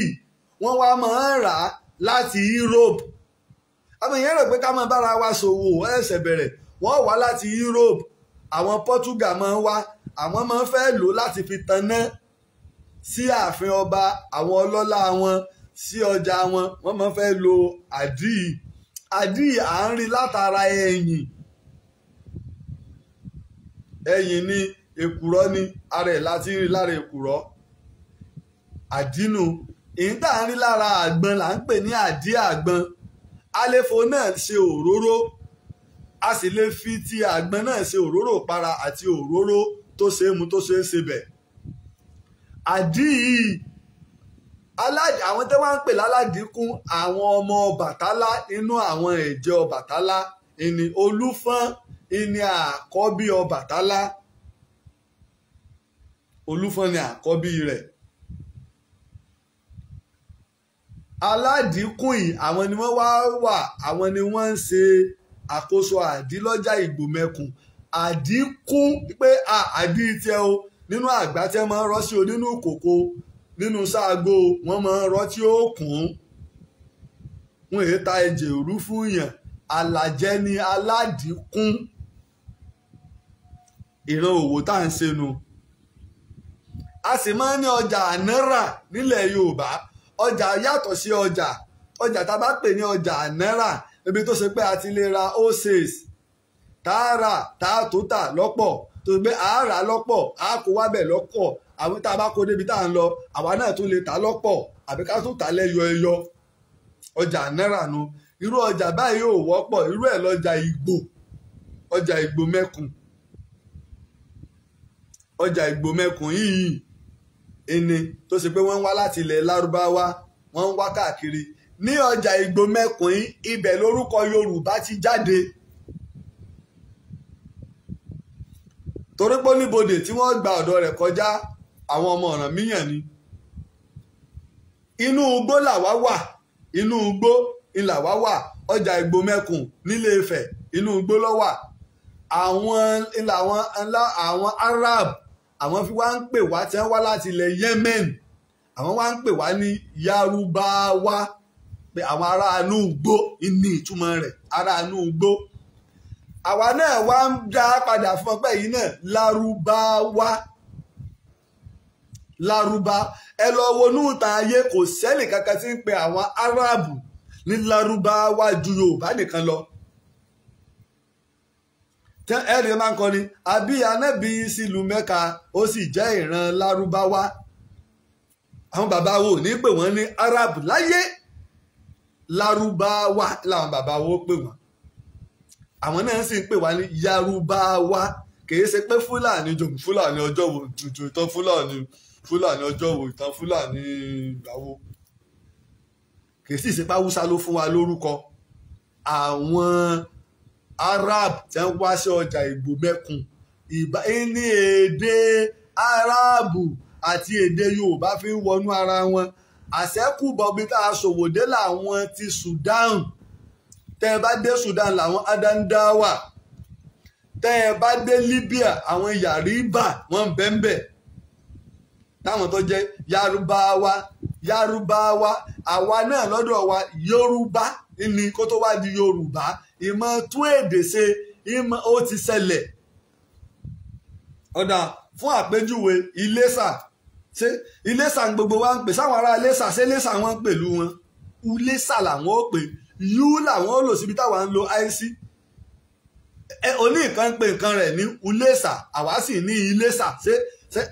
wọ́n wá máa ń rà á láti Europe àwọn èèyàn rò pé ká máa bára wa ṣòwò ẹ̀ṣẹ̀ bẹ̀rẹ̀ wọ́n wá láti Europe àwọn Portugal máa ń wá àwọn máa ń fẹ́ lò láti fi tanná sí ààfin ọba àwọn ọlọ́lá wọn sí ọjà wọn wọ́n máa ń fẹ́ lo àdìí àdìí à látara ẹ̀yìn ẹ̀yìn ni èkùrọ́ ni ara ẹ̀ láti rí lára èkùrọ́ àdínú èyí tá à ń rí lára àgbọn là ń pè ní àdí àgbọn àléfọ náà ṣe òróró a sì lè fi ti àgbọn náà ṣe òróró para àti òróró tó ṣe é mu tó ṣe é ṣe bẹ̀. àdìyí àwọn tó wá ń pè láládìíkún àwọn ọmọ Ọbàtálá nínú àwọn ẹ̀jẹ̀ Ọbàtálá ìní Olúfọ́n ìní àkọ́bí Ọbàtálá Olúfọ́n ni àkọ́bí rẹ̀ aládìíkùn yìí àwọn ni wọ́n wá wà àwọn ni wọ́n ń ṣe àkóso àdílọ́jà ìgbòmẹ̀kùn àdínkù pé àdí tiẹ̀ o nínú àgbá tẹ́ máa ń rọ́ sí o nínú kòkó nínú sáàgbó wọ́n máa ń rọ́ tí ó kùn ún èyí ta ẹ̀jẹ̀ òru fún yàn alàjẹ́ ni aládìíkùn ìran òwò tá à ń ṣe nu a sì máa ń ní ọjà ànárà nílẹ̀ Yorùbá ọjà yàtọ̀ sí ọjà ọjà tá a bá pè ní ọjà náírà ebi tó ṣe pé a ti lè ra osis tá a rà tá a tó tà lọ́pọ̀ tó ṣe pé a rà lọ́pọ̀ a kó wábẹ̀ lọ́pọ̀ àwọn tá a bá kó débi tá à ń lọ àwa náà tún lè tà lọ́pọ̀ àbí ká tún tà lẹ́yọ ẹyọ ọjà náírà nu irú ọjà báyìí ò wọ́pọ̀ irú ẹ̀ lọ́jà Ìgbò ọjà Ìgbò mẹ́kùn ọjà Ìgbò mẹ́kùn yìí ẹni tó ṣe pé wọ́n ń wá láti ilẹ̀ lárúbáwá wọ́n ń wá káàkiri ní ọjà ìgbò mẹ́kùn-ín ibẹ̀ lórúkọ yorùbá ti jáde torí pé níbodè tí wọ́n gba ọ̀dọ̀ rẹ̀ kọjá àwọn ọmọ Ọ̀rànmíyàn ni inú ugbó làwa wà inú ugbó làwa wà ọjà ìgbò mẹ́kùn nílé inú ugbó lọ́wà àwọn àwọn Arab àwọn fi wá ń pè wá tí wọ́n wá láti ilẹ̀ Yemen àwọn wá ń pè wá ní Yarubawa pé àwọn ará inú igbó ní ìtumọ̀ rẹ̀ ará inú igbó àwa náà wá ń dá padà fún ọpẹ́ yìí náà Lárúbáwá Lárúbá ẹ lọ wọnú ìtàn ayé kò sẹ́nì kankan tí ń pe àwọn Árábù ní Lárúbáwá ju Yorùbá nìkan lọ tán ẹ̀rí máa ń kọrin àbí anábì sílùú mẹ́ka ó sì jẹ́ ìran lárúbáwá àwọn bàbá wo ní pè wọ́n ní arab láyé lárúbáwá làwọn bàbá wo pè wọ́n àwọn náà sì ń pè wá ní yarúbáwá kì í ṣe pé fúlàní jòkó fúlàní ọjọ́ wo tuntun tán fúlàní fúlàní ọjọ́ wo ìtàn fúlàní ìgbàwo kì í sì ṣe pé haúsá ló fún wa lórúkọ àwọn arab tí wọ́n wá sí ọjà ìgbò mẹ́kun ìbá ní èdè aráàbù àti èdè yorùbá fi ń wọnú ara wọn àṣẹ́kù bọ̀bí tá a ṣòwòdé làwọn ti sudan tẹ́ ẹ bá dé sudan làwọn adandawa tẹ́ ẹ bá dé libya àwọn yàrìbà wọ́n ń bẹ́ńbẹ́ táwọn tó jẹ́ yarubawa yarubawa àwa náà lọ́dọ̀ wa yorùbá ni kó tó wá di yorùbá ìmọ̀ tún èdè ṣe ìmọ̀ ó ti ṣẹlẹ̀ ọ̀dà fún àpèjúwe Iléṣà ṣé Iléṣà ń gbogbo wa ń pè sáwọn ará Iléṣà ṣé Iléṣà wọn ń pèlú wọn Iléṣà làwọn ó pè yú làwọn ó lò síbi táwa ń lo ic ẹ oní nǹkan ń pè nǹkan rẹ̀ ní Iléṣà àwa sì ní Iléṣà ṣé ṣé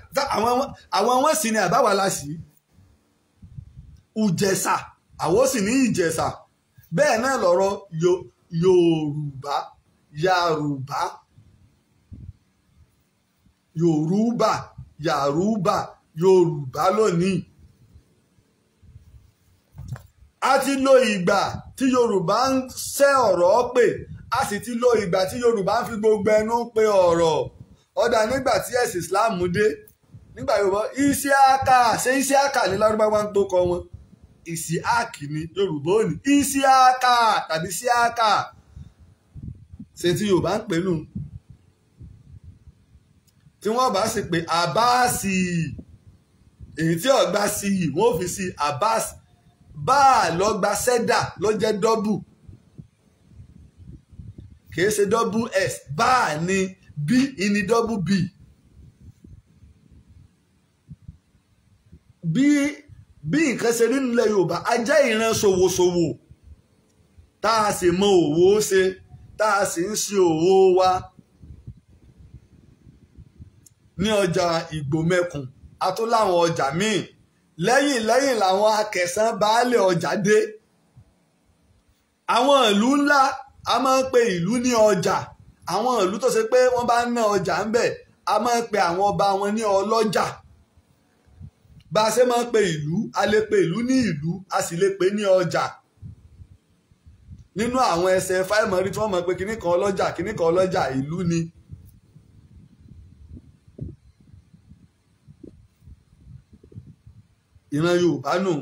àwọn wọn sì ni àbáwá la sí Ìjẹ̀ṣà àwọn ó sì ní Ìjẹ̀ṣà bẹ́ẹ̀ náà lọ̀rọ̀ yo yorùbá yorùbá yorùbá yorùbá yorùbá lónìí a ti lo ìgbà tí yorùbá ń ṣe ọ̀rọ̀ pè a sì ti lo ìgbà tí yorùbá ń fi gbogbo ẹnu pe ọ̀rọ̀ ọ̀dà nígbà tí ẹ̀sìn islam dé nígbà yorùbá iṣẹ́ àkà ṣe iṣẹ́ àkà ní lárúbáwá ń tó kọ wọn isiaki ni yorùbá ò ní isiaka tàbí siaka ṣe tí yorùbá ń pè nù tí wọ́n bá sì pé abáàsì èyí tí ọgbà sí i wọ́n fi sí abáàsì báà lọ́gba sẹ́dà ló jẹ́ dọ́bù kìí ṣe double s báà ni b ni double b bí bí nǹkan ṣe rí nílẹ̀ yorùbá a jẹ́ ìran ṣòwòṣòwò tá a sì mọ òwò ṣe tá a sì ń ṣe òwò wa ní ọjà ìgbòmẹ̀kùn a tún láwọn ọjà míì lẹ́yìn lẹ́yìn làwọn akẹ̀sán baálé ọjà dé àwọn ìlú ńlá a máa ń pe ìlú ní ọjà àwọn ìlú tó ṣe pé wọ́n bá ń ná ọjà ń bẹ̀ a máa ń pe àwọn ọba wọn ní ọlọ́jà bá a ṣe máa ń pe ìlú a lè pe ìlú ní ìlú a sì lè pe ní ọjà nínú àwọn ẹsẹ̀ fáìmọ̀rí tí wọ́n mọ̀ pé kíní kan ọlọ́jà kíní kan ọlọ́jà ìlú ni. ìran Yorùbá nù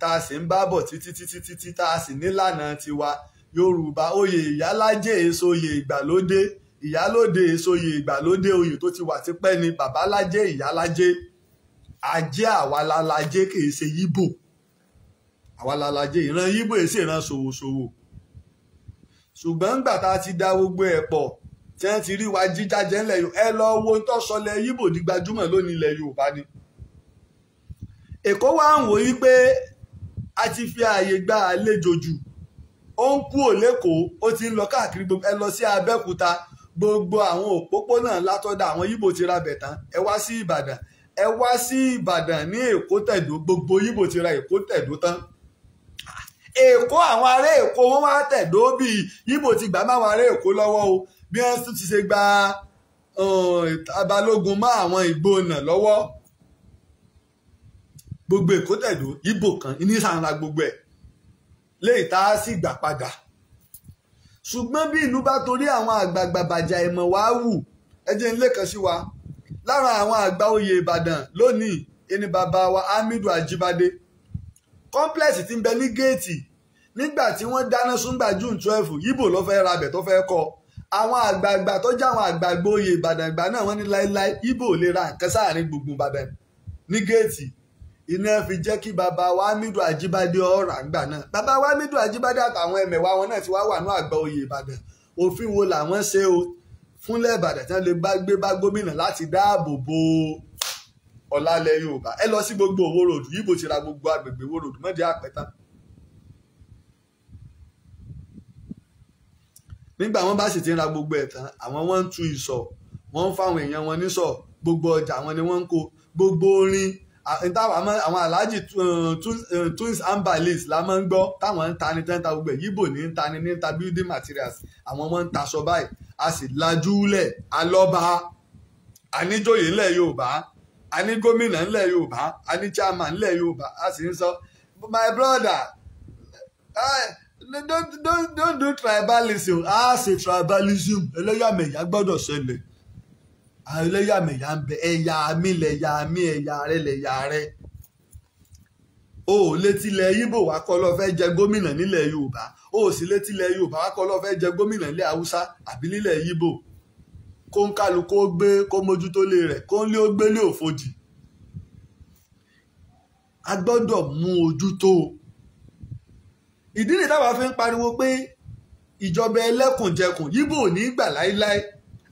tá a sì ń bá bọ̀ títí títí títí tá a sì nílànà tiwa Yorùbá oyè ìyálájẹ èso oyè ìgbàlódé ìyálóde èso oyè ìgbàlódé oyè tó ti wà tipẹ́ ni bàbá lájẹ ìyálájẹ ajé àwalalajé kìí ṣe yíbò àwalalajé ìran yíbò èsì ìran ṣòwòṣòwò ṣùgbọ́n ńgbà tá a ti da gbogbo ẹ̀ pọ̀ tí wọ́n ti rí wa jíjájẹ́ ńlẹ̀ yóò ẹ lọ wo tó sọlẹ̀ yíbò di gbajúmọ̀ lónìí ilẹ̀ Yorùbá ni Èkó wá ń wòye pé a ti fi ààyè gba àlejò jù ó ń kú òlékòó ó ti ń lọ káàkiri gbogbo ẹ lọ sí Abẹ́òkúta gbogbo àwọn òpópónà látọ̀dọ̀ àwọn yíbò ti ra bẹ̀ tán ẹ wá sí Ìbàdàn ẹ wá sí ìbàdàn ní èkó tẹ̀dó gbogbo yíbo ti ra èkó tẹ̀dó tán èkó àwọn ará èkó wọn wá tẹ̀dó bí yíbo ti gbà máwọn ará èkó lọ́wọ́ o bí wọ́n tún ti ṣe gba abalógun uh, mọ́ àwọn ìgbónà lọ́wọ́ gbogbo èkó tẹ̀dó yíbo kan ní gbogbo ẹ̀ léyìí tá a sì padà ṣùgbọ́n bí ìlú bá torí àwọn àgbààgbà bàjá ìmọ̀ wá wù ẹ jẹ́ ń lẹ́kàn sí wa lára àwọn àgbà oyè ìbàdàn lónìí ẹni bàbá wa hamidu ajibade kọ́ńplẹ̀sì ti ń bẹ ní géètì nígbà tí wọ́n dáná súngbà june twelve yíbò ló fẹ́ rabẹ̀ tó fẹ́ kọ́ àwọn àgbààgbà tó jẹ́ àwọn àgbààgbà oyè ìbàdàn ìgbà náà wọ́n ní láéláé yíbò lè ra nǹkan sáàrin gbogbo ìbàdàn ní géètì iná fi jẹ́ kí bàbá wa hamidu ajibade ọ̀rà ńgbà náà bàbá wa hamidu ajibade àtàwọn ẹ̀mẹ̀wá wọn náà ti wá wà ní àgbà oyè ìbàdàn òfin wo làwọn ṣe o fúnlẹ̀ ìbàdàn tí wọ́n lè gbé bá gómìnà láti dáàbò bo ọ̀làlẹ̀ yorùbá ẹ lọ sí gbogbo òwò ròdù yíbo ti ra gbogbo agbègbè òwò ròdù mọ́dé àpẹ́tán. nígbà wọn bá sì ti ra gbogbo ẹ̀ tán àwọn wọn ń tu ìsọ̀ wọ́n ń fáwọn èèyàn wọn nísọ̀ gbogbo ọjà wọn ni wọ́n ń kó gbogbo orin àwọn aláàjì eh, eh, twins ambalis la máa ń gbọ́ táwọn ń tani tán ta gbogbo yíbò ní ń tani ní ń ta building materials àwọn ọmọ ń taṣọ báyìí a sì lajú alọ́ba aníjòyè ńlẹ̀ Yorùbá aní gómìnà ńlẹ̀ Yorùbá aní chairman ńlẹ̀ Yorùbá a sì ń sọ my brother eh, don't don't don't do tribalism a sì tribalism ẹlẹ́yàmẹ̀yà gbọ́dọ̀ ṣẹlẹ̀ ẹlẹ́yàmẹ̀yà ń bẹ ẹ̀yà mi lẹ̀yà mi ẹ̀yà rẹ lẹ̀yà rẹ o ò létí ilẹ̀ Ìgbò wá kọ́ lọ fẹ́ jẹ gómìnà nílẹ̀ Yorùbá o ò sì létí ilẹ̀ Yorùbá wá kọ́ lọ fẹ́ jẹ gómìnà nílẹ̀ Haúsá àbí nílẹ̀ Ìgbò kó ń kálu kó gbé kó mójútó lé rẹ̀ kó ń lé ó gbélé òfojì a gbọ́dọ̀ mú ojú tó o ìdí nìyí táwa fi ń pariwo pé ìjọba ẹlẹ́kùnjẹkùn Ìgbò ò ní gbà láíláí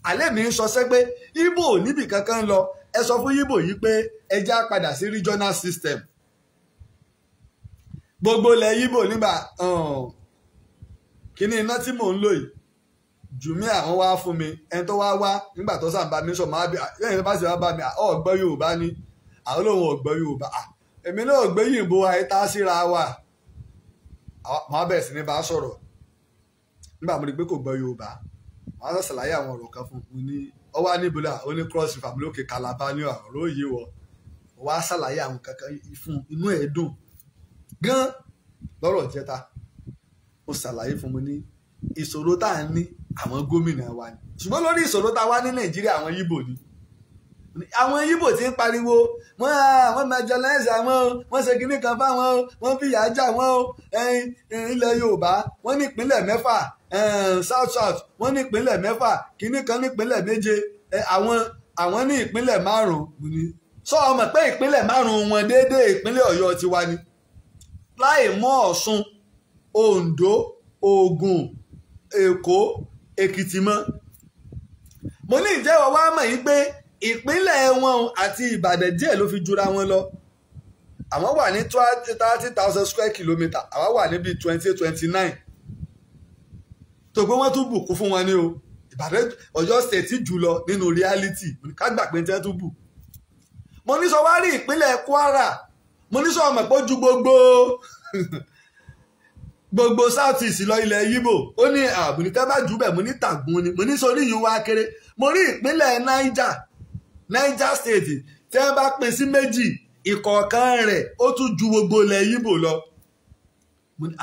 alẹ́ mi ń sọ sẹ́gbẹ́ ibo níbì kankan lọ ẹ sọ fún ibo yìí pé ẹ já padà sí regional system gbogbo ilẹ̀ ibo nígbà kíní iná tí mò ń lò yìí jùmí àwọn wá fún mi ẹni tó wá wá nígbà tó sàǹbà mi sọ máa bí lẹ́yìn tó bá sì wá bá mi ọ̀ gbọ́ Yorùbá ni àwọn olóhùn ọ̀gbọ́ Yorùbá èmi náà gbé yìnbó àìta síra wa màá bẹ̀rẹ̀ sí ní bá sọ̀rọ̀ nígbà mo rí i pé kò gbọ́ Yorùbá wọn á ṣàlàyé àwọn ọ̀rọ̀ kan fún un ní ọwọ́ níbula ó ní cross river mi lókè Calabar ní ọ̀rọ̀ òye wọ wọ́n á ṣàlàyé àwọn kankan fún inú ẹ̀ dùn gan lọ́rọ̀ jẹta mo ṣàlàyé fún mi ní ìṣòro tá a ń ní àwọn gómìnà wa ni ṣùgbọ́n lórí ìṣòro tá a wá ní Nàìjíríà àwọn Yíbò ni àwọn Yíbò ti ń pariwo wọ́n àwọn marginalize àwọn o wọ́n ṣe kinní kan fáwọn o wọ́n fìyà já wọn o ilẹ̀ Yorùbá wọ́n ní ìpínlẹ̀ mẹ́fà Eh, south south wọ́n ní ìpínlẹ̀ mẹ́fà kínní kan ní ìpínlẹ̀ méje eh, àwọn àwọn ní ìpínlẹ̀ márùn-ún ni sọ ọmọ pé ìpínlẹ̀ márùn-ún wọn déédéé ìpínlẹ̀ ọ̀yọ́ tiwa ni láì mọ́ ọ̀ṣun ondo ogun èkó èkìtì mọ́ mo ní ìjẹ́wọ́ wá mọ̀ yí pé ìpínlẹ̀ wọn àti ìbàdàn díẹ̀ ló fi jura wọn lọ àwọn wà ní thirty thousand square kilometre àwọn wà níbi twenty twenty nine tó pé wọ́n tún bùkún fún wọn ní o ìbàdàn ọ̀yọ́ sẹ̀tì jùlọ nínú reality ká gbà pé tẹ́ tún bù. mo ní sọ wá rí ìpínlẹ̀ Kwara mo ní sọ ọmọ pé ju gbogbo gbogbo south east lọ ilẹ̀ Yíbò ó ní ààbò ní tẹ́bà jù bẹ́ẹ̀ mo ní tàgùn ni mo ní sórí yìí wá kéré mo rí ìpínlẹ̀ Niger Niger state tẹ́ bá pín sí méjì ìkọ̀ọ̀kan rẹ̀ ó tún ju gbogbo ilẹ̀ Yíbò lọ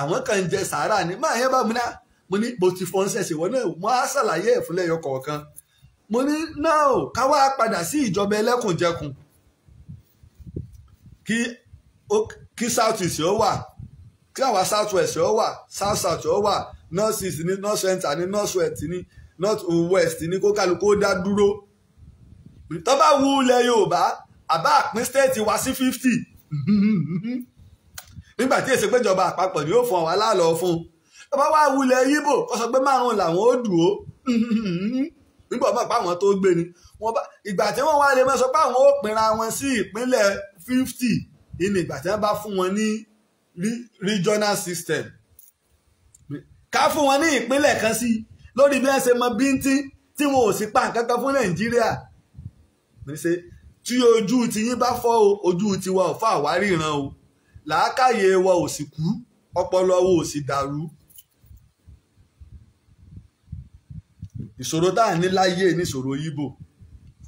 àwọn kan jẹ sàárà ni máa yẹn bá mu náà mo ní mo ti fọ́n ṣẹ̀ṣẹ̀ wọ́n náà mo á ṣàlàyé ẹ̀ fúnlẹ̀ yọ kọ̀ọ̀kan mo ní náà ká wá padà sí ìjọba ẹlẹ́kùnjẹkùn kí kí south east ó wà kí àwa south west ó wà south south ó wà north east ní north center ní north west ní north west ní kó kálukú ó dá dúró tó bá wù ilẹ̀ yorùbá àbá àpín state wá sí fifty nígbà tí èsì péjọba àpapọ̀ ni yóò fún ọ wá láàlọ́ fún un bàbá wa wulẹ̀ yíbò kó sọ pé márùn làwọn ó dùn ó nígbà bá pàwọn tó gbé ni ìgbà tí wọ́n wá lè mọ́ sọ pé àwọn ó pinra wọn sí ìpínlẹ̀ fifty ìní ìgbà tí wọ́n bá fún wọn ní regional system ká fún wọn ní ìpínlẹ̀ kan sí lórí bí wọ́n ṣe mọ bíntín tí wọn ò sì pa nǹkan kan fún nàìjíríà tí ojú tiyín bá fọ́ o ojú tiwa ò fà wá ríran o làákàyè wa ò sì kú ọpọlọ wa ò sì dàrú ìṣòro tá à ní láyé ní ìṣòro yíbò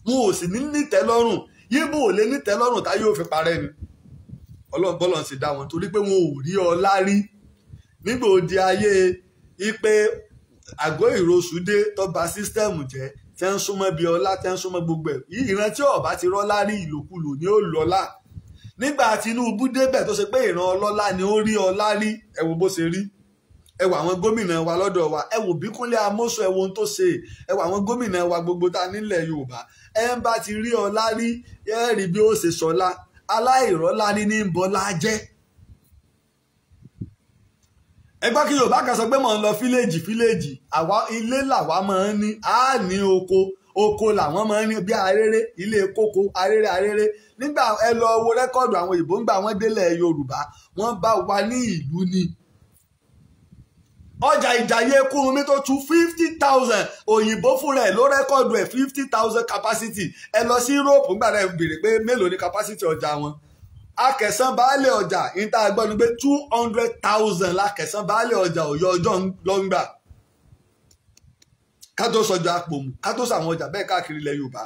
wọn ò sì ní nítẹ́lọ́rùn yíbò ò lè nítẹ́lọ́rùn tá yóò fi parẹ́ ni ọlọ́ọ̀bọ́lọ̀ sì dá wọn torí pé wọn ò rí ọlá rí nígbà òde ayé ipe àgọ́ ìrosù dé tọ́ba sísítẹ́ẹ̀mù jẹ́ tẹ́ ń súnmọ́ bí ọlá tẹ́ ń súnmọ́ gbogbo ẹ̀ ìran tí ọba ti rọ́lá rí ìlòkulò ni ó lọ́lá nígbà Tinubu débẹ̀ tó ṣe pé ìran ọlọ́lá ni ó rí ọlá rí ẹ bó ṣe rí ẹ wà àwọn gómìnà wa lọ́dọ̀ wa ẹ wò bí Kúnlé Amósùn ẹ wo ohun tó ṣe ẹ wà àwọn gómìnà wa gbogbo ta nílẹ̀ Yorùbá ẹ ń bá ti rí ọlá rí ẹ rí bí ó ṣe sọlá aláìrọ́lá ní ní bọ́lá jẹ́ ẹgbẹ́ kí Yorùbá kan sọ pé mò ń lọ fíléèjì fíléèjì àwa ilé làwa máa ń ní á ní oko oko làwọn máa ń ní bí arére ilé kókó arére arére nígbà ẹ lọ wo rẹ́kọ̀dù àwọn òyìnbó ń gbà délẹ̀ Yorùbá wọ́n bá wa ní ìlú ni. Ba, ọjà ìjàyè Kúrunmí tó tu fifty thousand òyìnbó fúnra rẹ ló rẹ́kọ̀dù ẹ̀ fifty thousand capacity ẹ lọ sí Europe gbà rẹ béèrè pé mélòó ni ọjà wọn akẹ̀sán baálé ọjà níta gbọ́dọ̀ pé two hundred thousand ọjà òyọ ọjọ́ sàwọn ọjà káàkiri Yorùbá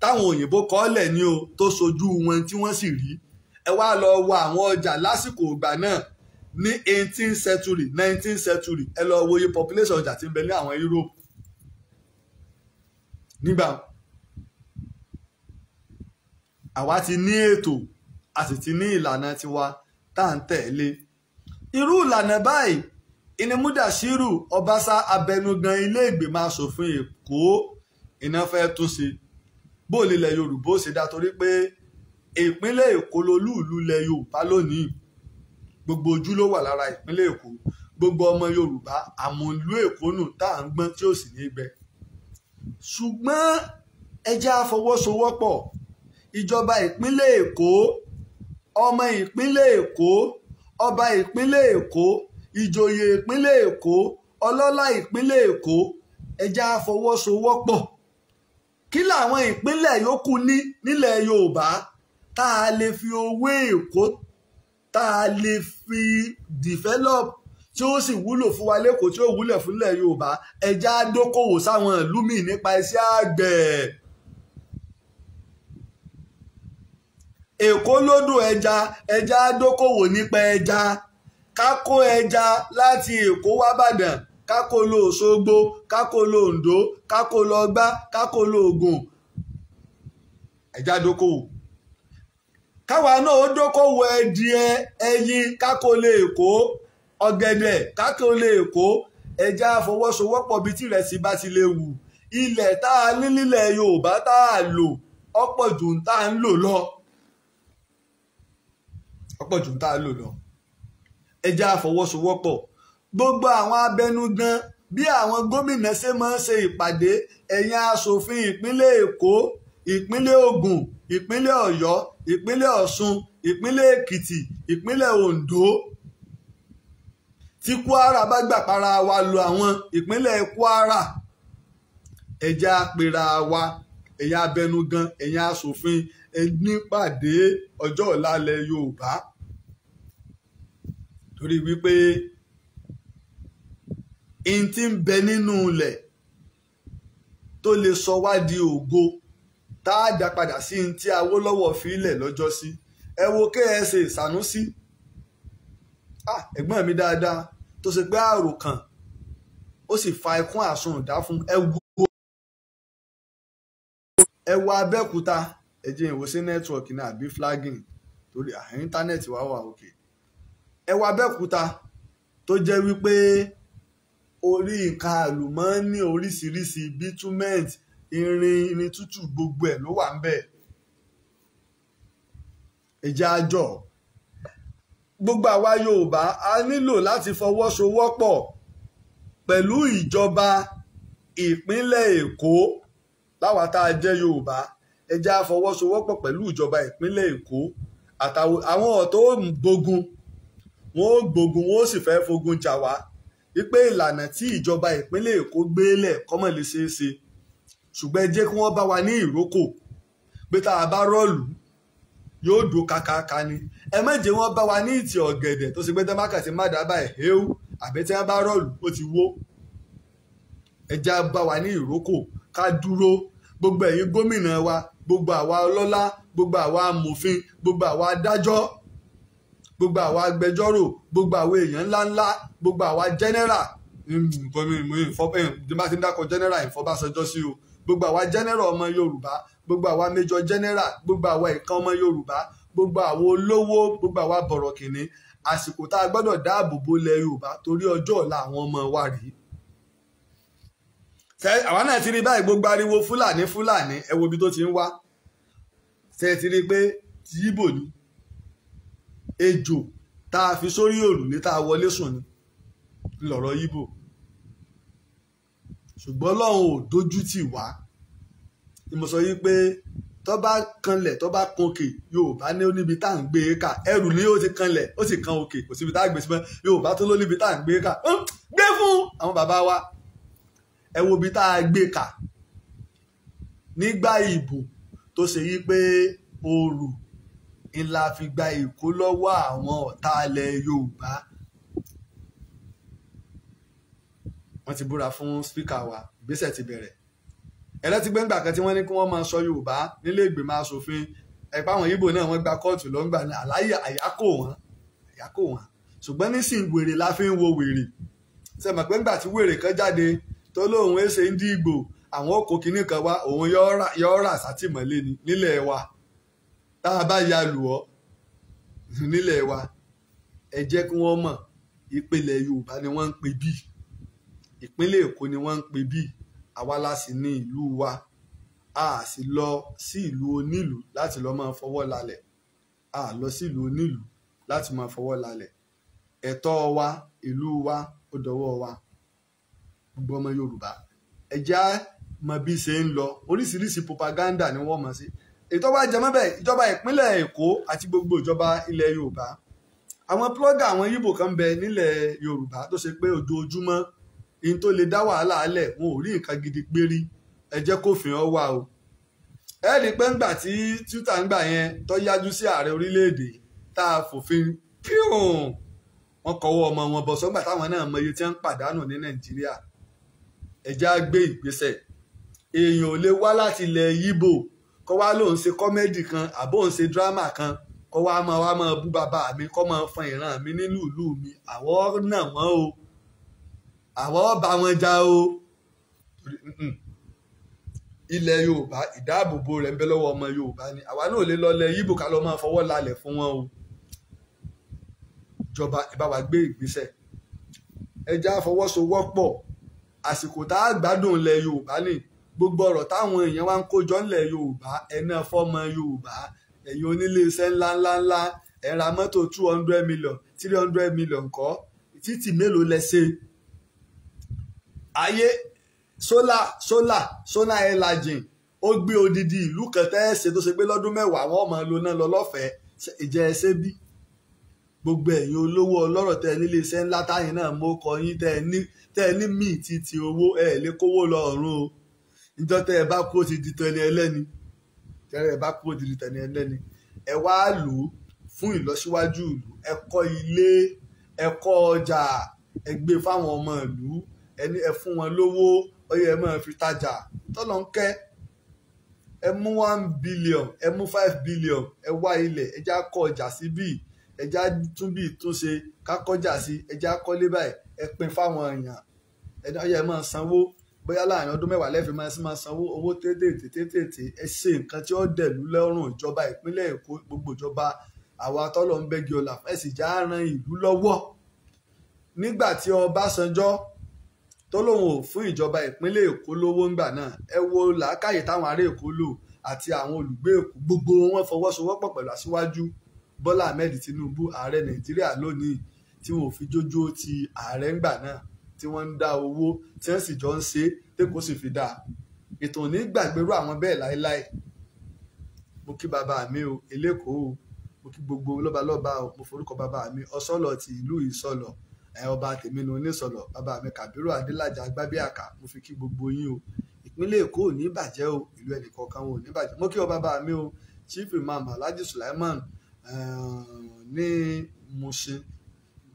táwọn o tó sojú wọn tí sì rí ẹ wá lọ wo àwọn ọjà lásìkò ní eighteenth century nineteenth century ẹ lọ wòye population ọjà tí ń bẹ ní àwọn Europe nígbà àwa ti ní ètò a sì ti ní ìlànà tiwa tá à ń tẹ̀lé irú ìlànà báyìí inimudashiru ọbaṣá abẹnugan ilé ìgbìmọ̀ asòfin Èkó iná fẹ́ tún ṣe bóòlù ilẹ̀ Yorùbá ó ṣe dá torí pé ìpínlẹ̀ Èkó lolú ilẹ̀ Yorùbá lónìí gbogbo ojú ló wà lára ìpínlẹ̀ èkó gbogbo ọmọ yorùbá àmọ̀lú èkó nù tá à ń gbọ́n tí ò sì ní gbẹ ṣùgbọ́n ẹjẹ́ àfọwọ́sowọ́pọ̀ ìjọba ìpínlẹ̀ èkó ọmọ ìpínlẹ̀ èkó ọba ìpínlẹ̀ èkó ìjòyè ìpínlẹ̀ èkó ọlọ́lá ìpínlẹ̀ èkó ẹjẹ́ àfọwọ́sowọ́pọ̀ kí làwọn ìpínlẹ̀ yòókù ní nílẹ̀ yorùbá tá a lè fi owó èkó tá a lè fi develop tí ó sì wúlò fún wa lẹ́kọ̀ọ́ tí ó wúlẹ̀ fúnlẹ̀ Yorùbá ẹja dókòwò sáwọn ìlú míì nípa iṣẹ́ àgbẹ̀. Èkó lódò ẹja ẹja dókòwò nípa ẹja ká kó ẹja láti Èkó wá Bàdàn ká kó Òṣogbo ká kó lọ Oǹdó lọ Ọ̀gbá ká kó Ògùn ẹja dókòwò káwa náà ó dókòwò ẹdìẹ ẹyin kákó lè kó ọ̀gẹ̀dẹ̀ kákó lè kó ẹja àfọwọ́sowọ́pọ̀ bíi tìrẹsì bá ti lè wù ilẹ̀ tá a ní nílẹ̀ Yorùbá tá a lò ọ̀pọ̀ jù ń tá a ń lò lọ ọ̀pọ̀ jù ń tá a lò lọ ẹja àfọwọ́sowọ́pọ̀ gbogbo àwọn abẹnugan bí àwọn gómìnà ṣe máa ń ṣe ìpàdé ẹ̀yìn asòfin ìpínlẹ̀ Èkó ìpínlẹ̀ Ògùn ìpínlẹ̀ Ọ̀yọ́ ìpínlẹ̀ ọ̀ṣun ìpínlẹ̀ èkìtì ìpínlẹ̀ oǹdó tí kwara bá gbà para wa lu àwọn ìpínlẹ̀ kwara ẹ̀já apera wa ẹ̀yin abẹnugan ẹ̀yin asòfin nípàdé ọjọ́ ọ̀la ilẹ̀ yorùbá torí wípé n ti ń bẹ nínú ilẹ̀ tó lè sọ wá di ògo. ta a dá padà sí ní tí Awólọ́wọ̀ fílẹ̀ lọ́jọ́ sí ẹ wo KSA Sanusi ẹ̀gbọ́n mi dáadáa tó ṣe pé àrò kan ó sì fa ikún àsun ìdá fún ẹ wo ẹ wo Abẹ́òkúta ẹ jẹ́ ìwò sí nẹ́tíwọ̀kì náà àbí flagging torí íńtánẹ́ẹ̀tì wà wà òkè ẹ wo Abẹ́òkúta tó jẹ́ wípé orí nǹkan àlùmọ́ọ́nì oríṣiríṣi bitument irin irin tútù gbogbo ẹ̀ ló wà ń bẹ̀ ìjà àjọ gbogbo àwa Yorùbá a nílò láti fọwọ́sowọ́pọ̀ pẹ̀lú ìjọba ìpínlẹ̀ Èkó láwa tá a jẹ́ Yorùbá ẹ jẹ́ a fọwọ́sowọ́pọ̀ pẹ̀lú ìjọba ìpínlẹ̀ Èkó àtàwọn tó ń gbógun wọn ó gbógun wọn ó sì fẹ́ fogun jà wá wípé ìlànà tí ìjọba ìpínlẹ̀ Èkó gbélẹ̀ kọ́mọ̀ lè ṣeé ṣe. Se ṣùgbọ́n ẹ jẹ́ kí wọ́n bá wa ní ìrókò pé tá a bá rọ́ọ̀lù yóò dùn kàkàkà ni ẹ má jẹ́ wọ́n bá wa ní ìtì ọ̀gẹ̀dẹ̀ tó ṣe pé tẹ́ mákàtí má dábàá ẹ̀ héwù àbí tí wọ́n bá rọ́ọ̀lù ó ti wó ẹ jẹ́ bá wa ní ìrókò ká dúró gbogbo ẹ̀yin gómìnà wa gbogbo àwa ọlọ́lá gbogbo àwa amòfin gbogbo àwa adájọ́ gbogbo àwa agbẹjọ́rò gbogbo àwa èèyàn ńláńlá gbogbo àwa jẹ́nẹ́rà nǹkan mi ìfọ́ bá ti ń dákọ̀ jẹ́nẹ́rà ìfọ́ bá sọjọ́ sí o gbogbo àwa general ọmọ yorùbá gbogbo àwa major general gbogbo àwa ìkan ọmọ yorùbá gbogbo àwa olówó gbogbo àwa bọ̀rọ̀kìnní àsìkò tá a gbọ́dọ̀ dáàbò bo ilẹ̀ yorùbá torí ọjọ́ ọ̀la àwọn ọmọ wa rèé àwa náà ti rí báyìí gbogbo ariwo fúlàní fúlàní ẹ wo ibi tó ti ń wá ṣe ti rí pé ti yíbò ni ejò tá a fi sórí òrùlé tá a wọlé sùn ni lọ̀rọ̀ yíbò ṣùgbọ́n ọlọ́run ò dojú tì wá ni mo sọ yí pé tó bá kanlẹ̀ tó bá kan òkè yorùbá ní ó níbi tá à ń gbé e kà ẹrù ni ó ti kanlẹ̀ ó sì kan òkè kò síbi tá à gbé sí mọ́ yorùbá tó ló níbi tá à ń gbé e kà e gbé fún àwọn bàbá wa ẹ wo ibi tá a gbé e kà nígbà ìbò tó ṣe yí pé oòrùn ńlá fi gba èkó lọ́wọ́ àwọn ọ̀tá ilẹ̀ yorùbá wọ́n ti búra fún spíkà wa ìgbésẹ̀ ti bẹ̀rẹ̀ ẹlẹ́tìgbẹ́ngbà kan tí wọ́n ní kí wọ́n máa sọ yorùbá nílé ìgbìmọ̀ asòfin ẹ̀pá àwọn ibo náà wọ́n gba kóòtù lọ́ngbà ní àláyé àyákò wọn àyákò wọn ṣùgbọ́n nísìnyí wèrè la fi ń wo wèrè sẹ́mọ̀ pé ńgbà tí wèrè kan jáde tó lóun ẹ̀ ṣe ń dí ìgbò àwọn okò kìíní kan wá òun yọ rà sátìmọ́lé ni nílẹ̀ wa tá a bá ya lù ọ́ nílẹ̀ wa ẹ jẹ́ kí wọ́n mọ̀ ìpìlẹ̀ yorùbá ni wọ́n ń pè bíi ìpínlẹ̀ èkó ni wọ́n ń pè bí àwa la sì ní ìlú wa a sì lọ sí ìlú onílùú láti lọ máa fọwọ́ lalẹ̀ a lọ sí ìlú onílùú láti máa fọwọ́ lalẹ̀ ẹ̀tọ́ wa ìlú wa ó dọwọ́ wa gbogbo ọmọ yorùbá ẹ̀já mọ bí ṣe ń lọ oríṣiríṣi propaganda ni wọ́n mọ̀ sí ìjọba jẹmọ́bẹ̀ ìjọba ìpínlẹ̀ èkó àti gbogbo ìjọba ilẹ̀ yorùbá àwọn blogger àwọn yíbò kan bẹ nílẹ̀ yorùbá tó ṣe pé ojoojúmọ́ in tó lè dá wàhálà alẹ̀ wọn ò rí nǹkan gidi gbé rí ẹ jẹ́ kófin ọ wà o ẹ rí pé ńgbà tí twitter ń gbà yẹn tó yájú sí ààrẹ orílẹ̀ tá a fòfin píùn wọn kọwọ́ ọmọ wọn bọ̀ sọ́gbà táwọn náà mọ iye tí wọ́n ń pàdánù ní nàìjíríà ẹ jẹ́ á gbé ìgbésẹ̀ èèyàn ò lè wá láti ilẹ̀ yíbò kó wá lóun ṣe kọ́mẹ́dì kan àbó òun ṣe dírámà kan kó wá máa wá máa bú bàbá mi kó máa fan ìran mi nínú ìlú mi àwọn náà wọ́n o àwọn ọba wọn já o ilẹ̀ yorùbá ìdáàbòbò rẹ̀ ń bẹ lọ́wọ́ ọmọ yorùbá ni àwa náà lè lọlẹ̀ yíbò ká lọ máa fọwọ́ lálẹ̀ fún wọn o ìjọba ẹ bá wa gbé ìgbésẹ̀ ẹ já fọwọ́sowọ́pọ̀ àsìkò tá a gbádùn ilẹ̀ yorùbá ni gbogbo ọ̀rọ̀ táwọn èèyàn wá ń kójọ ńlẹ̀ yorùbá ẹ̀nà fọ́mọ yorùbá ẹ̀yin oníléeṣẹ́ ńláńláńlá ẹ ra mọ́tò two hundred million three hundred million kọ́ títì mélòó lẹ ṣe ayé sólà sólà sólà elajin. ó gbé odidi ìlú kan tẹ́ẹ̀sẹ̀ tó ṣe pé lọ́dún mẹ́wàá wọn máa lo náà lọ lọ́fẹ̀ẹ́ ìjẹ́ ẹsẹ́ bí gbogbo ẹ̀yin olówó ọlọ́rọ̀ tẹ́ ẹ nílé iṣẹ́ ńlá táyìn náà mo kọ yín tẹ́ ẹ ní tẹ́ ẹ ní míì ti ti owó ẹ lè kówó lọ ọ̀run o níjọ́ tẹ́ ẹ bá kú ó ti di tẹni ẹlẹ́ni tẹ́ ẹ bá kú ó ti di tẹni ẹlẹ́ni ẹ wá lò ó fún ìlọsíwájú ìlú ẹ kọ́ ilé ẹ kọ́ ọjà ẹ gbé fáwọn ọmọ ìlú ẹni ẹ fún wọn lówó ó yẹ ẹ máa fi tajà tọ́lọ̀ ń kẹ́ ẹ mú one billion ẹ mú five billion ẹ wá ilẹ̀ ẹ já kọ ọjà sí bíi ẹ já tún bíi tún ṣe ká kọjá sí ẹ já kọ́lé báyìí ẹ pín fáwọn èèyàn ẹni ó yẹ ẹ máa sanwó bóyá láàrin ọdún mẹ́wàá lẹ́fẹ̀ẹ́ máa máa sanwó owó tètè tètè ẹ ṣe nǹkan tí ó dẹ̀lú lọ́rùn ìjọba ìpínlẹ̀ Èkó gbogbo ìjọba àwa tọ́lọ̀ ń bẹ́gi ọ̀la ẹ já ran ìlú lọ́wọ́ nígbà tí Ọbásanjọ́ tó lóun ò fún ìjọba ìpínlẹ̀ èkó lówó ńgbà náà ẹ wo làákàyè táwọn ará èkó lò àti àwọn olùgbé èkó gbogbo wọn fọwọ́sowọ́pọ̀ pẹ̀lú aṣíwájú bọ́lá ahmed tinubu ààrẹ nàìjíríà lónìí tí wọn ò fi jójó ti ààrẹ ńgbà náà tí wọ́n ń dá owó tí wọ́n sì jọ ń ṣe tẹ́kọ̀ sì fi dà ètò ní gbàgbérú àwọn bẹ́ẹ̀ láéláé mo kí bàbá mi o elékòó mo kí gbogbo lọ́balọ́ba o mo forúkọ bàbá mi ọ̀sọ́lọ̀ ti ìlú ìsọ̀lọ̀ ẹ ọba tèmi nu onísọ̀lọ̀ bàbá mi kàbírù adélájà gbábíàká mo fi kí gbogbo yín o ìpínlẹ̀ èkó ò ní bàjẹ́ o ìlú ẹnìkọ̀ọ̀kan ò ní bàjẹ́ mo kí ọ bàbá mi o chief imam alhaji sulaiman eh, ní Mushin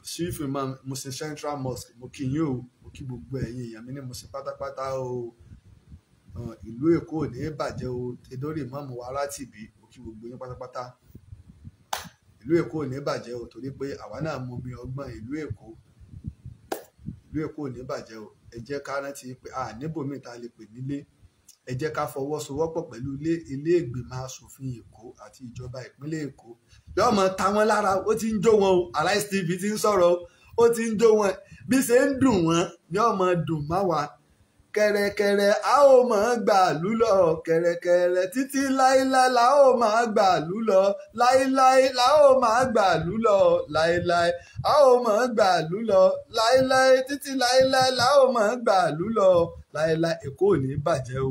chief imam Mushin central mosque mo kí yín o mo kí gbogbo ẹ̀yin èèyàn mi ní Mushin pátápátá o eh, ìlú èkó ò ní bàjẹ́ o tedori imam wa Rátìbí mo kí gbogbo yín pátápátá ìlú èkó ò ní bàjẹ́ o torí pé àwa náà mọ omi ọgbọ́n ìlú èkó ìlú èkó ò ní bàjẹ́ o ẹ jẹ́ ká rántí pé a níbòmíì tá lè pè nílé ẹ jẹ́ ká fọwọ́sowọ́pọ̀ pẹ̀lú ilé asòfin èkó àti ìjọba ìpínlẹ̀ èkó yóò mọ ta lára ó ti ń jó wọn o Arise TV ti ń sọ̀rọ̀ ó ti ń jó wọn bí ṣe ń dùn wọn yóò mọ dùn máwa kẹ̀rẹ̀kẹ̀rẹ̀ a ó máa gbàlú lọ kẹ̀rẹ̀kẹ̀rẹ̀ títí láíláí la ó máa gbàlú lọ láíláí la ó máa gbàlú lọ láíláí a ó máa gbàlú lọ láíláí títí láíláí la ó máa gbàlú lọ láíláí èkó ò ní bàjẹ́ o.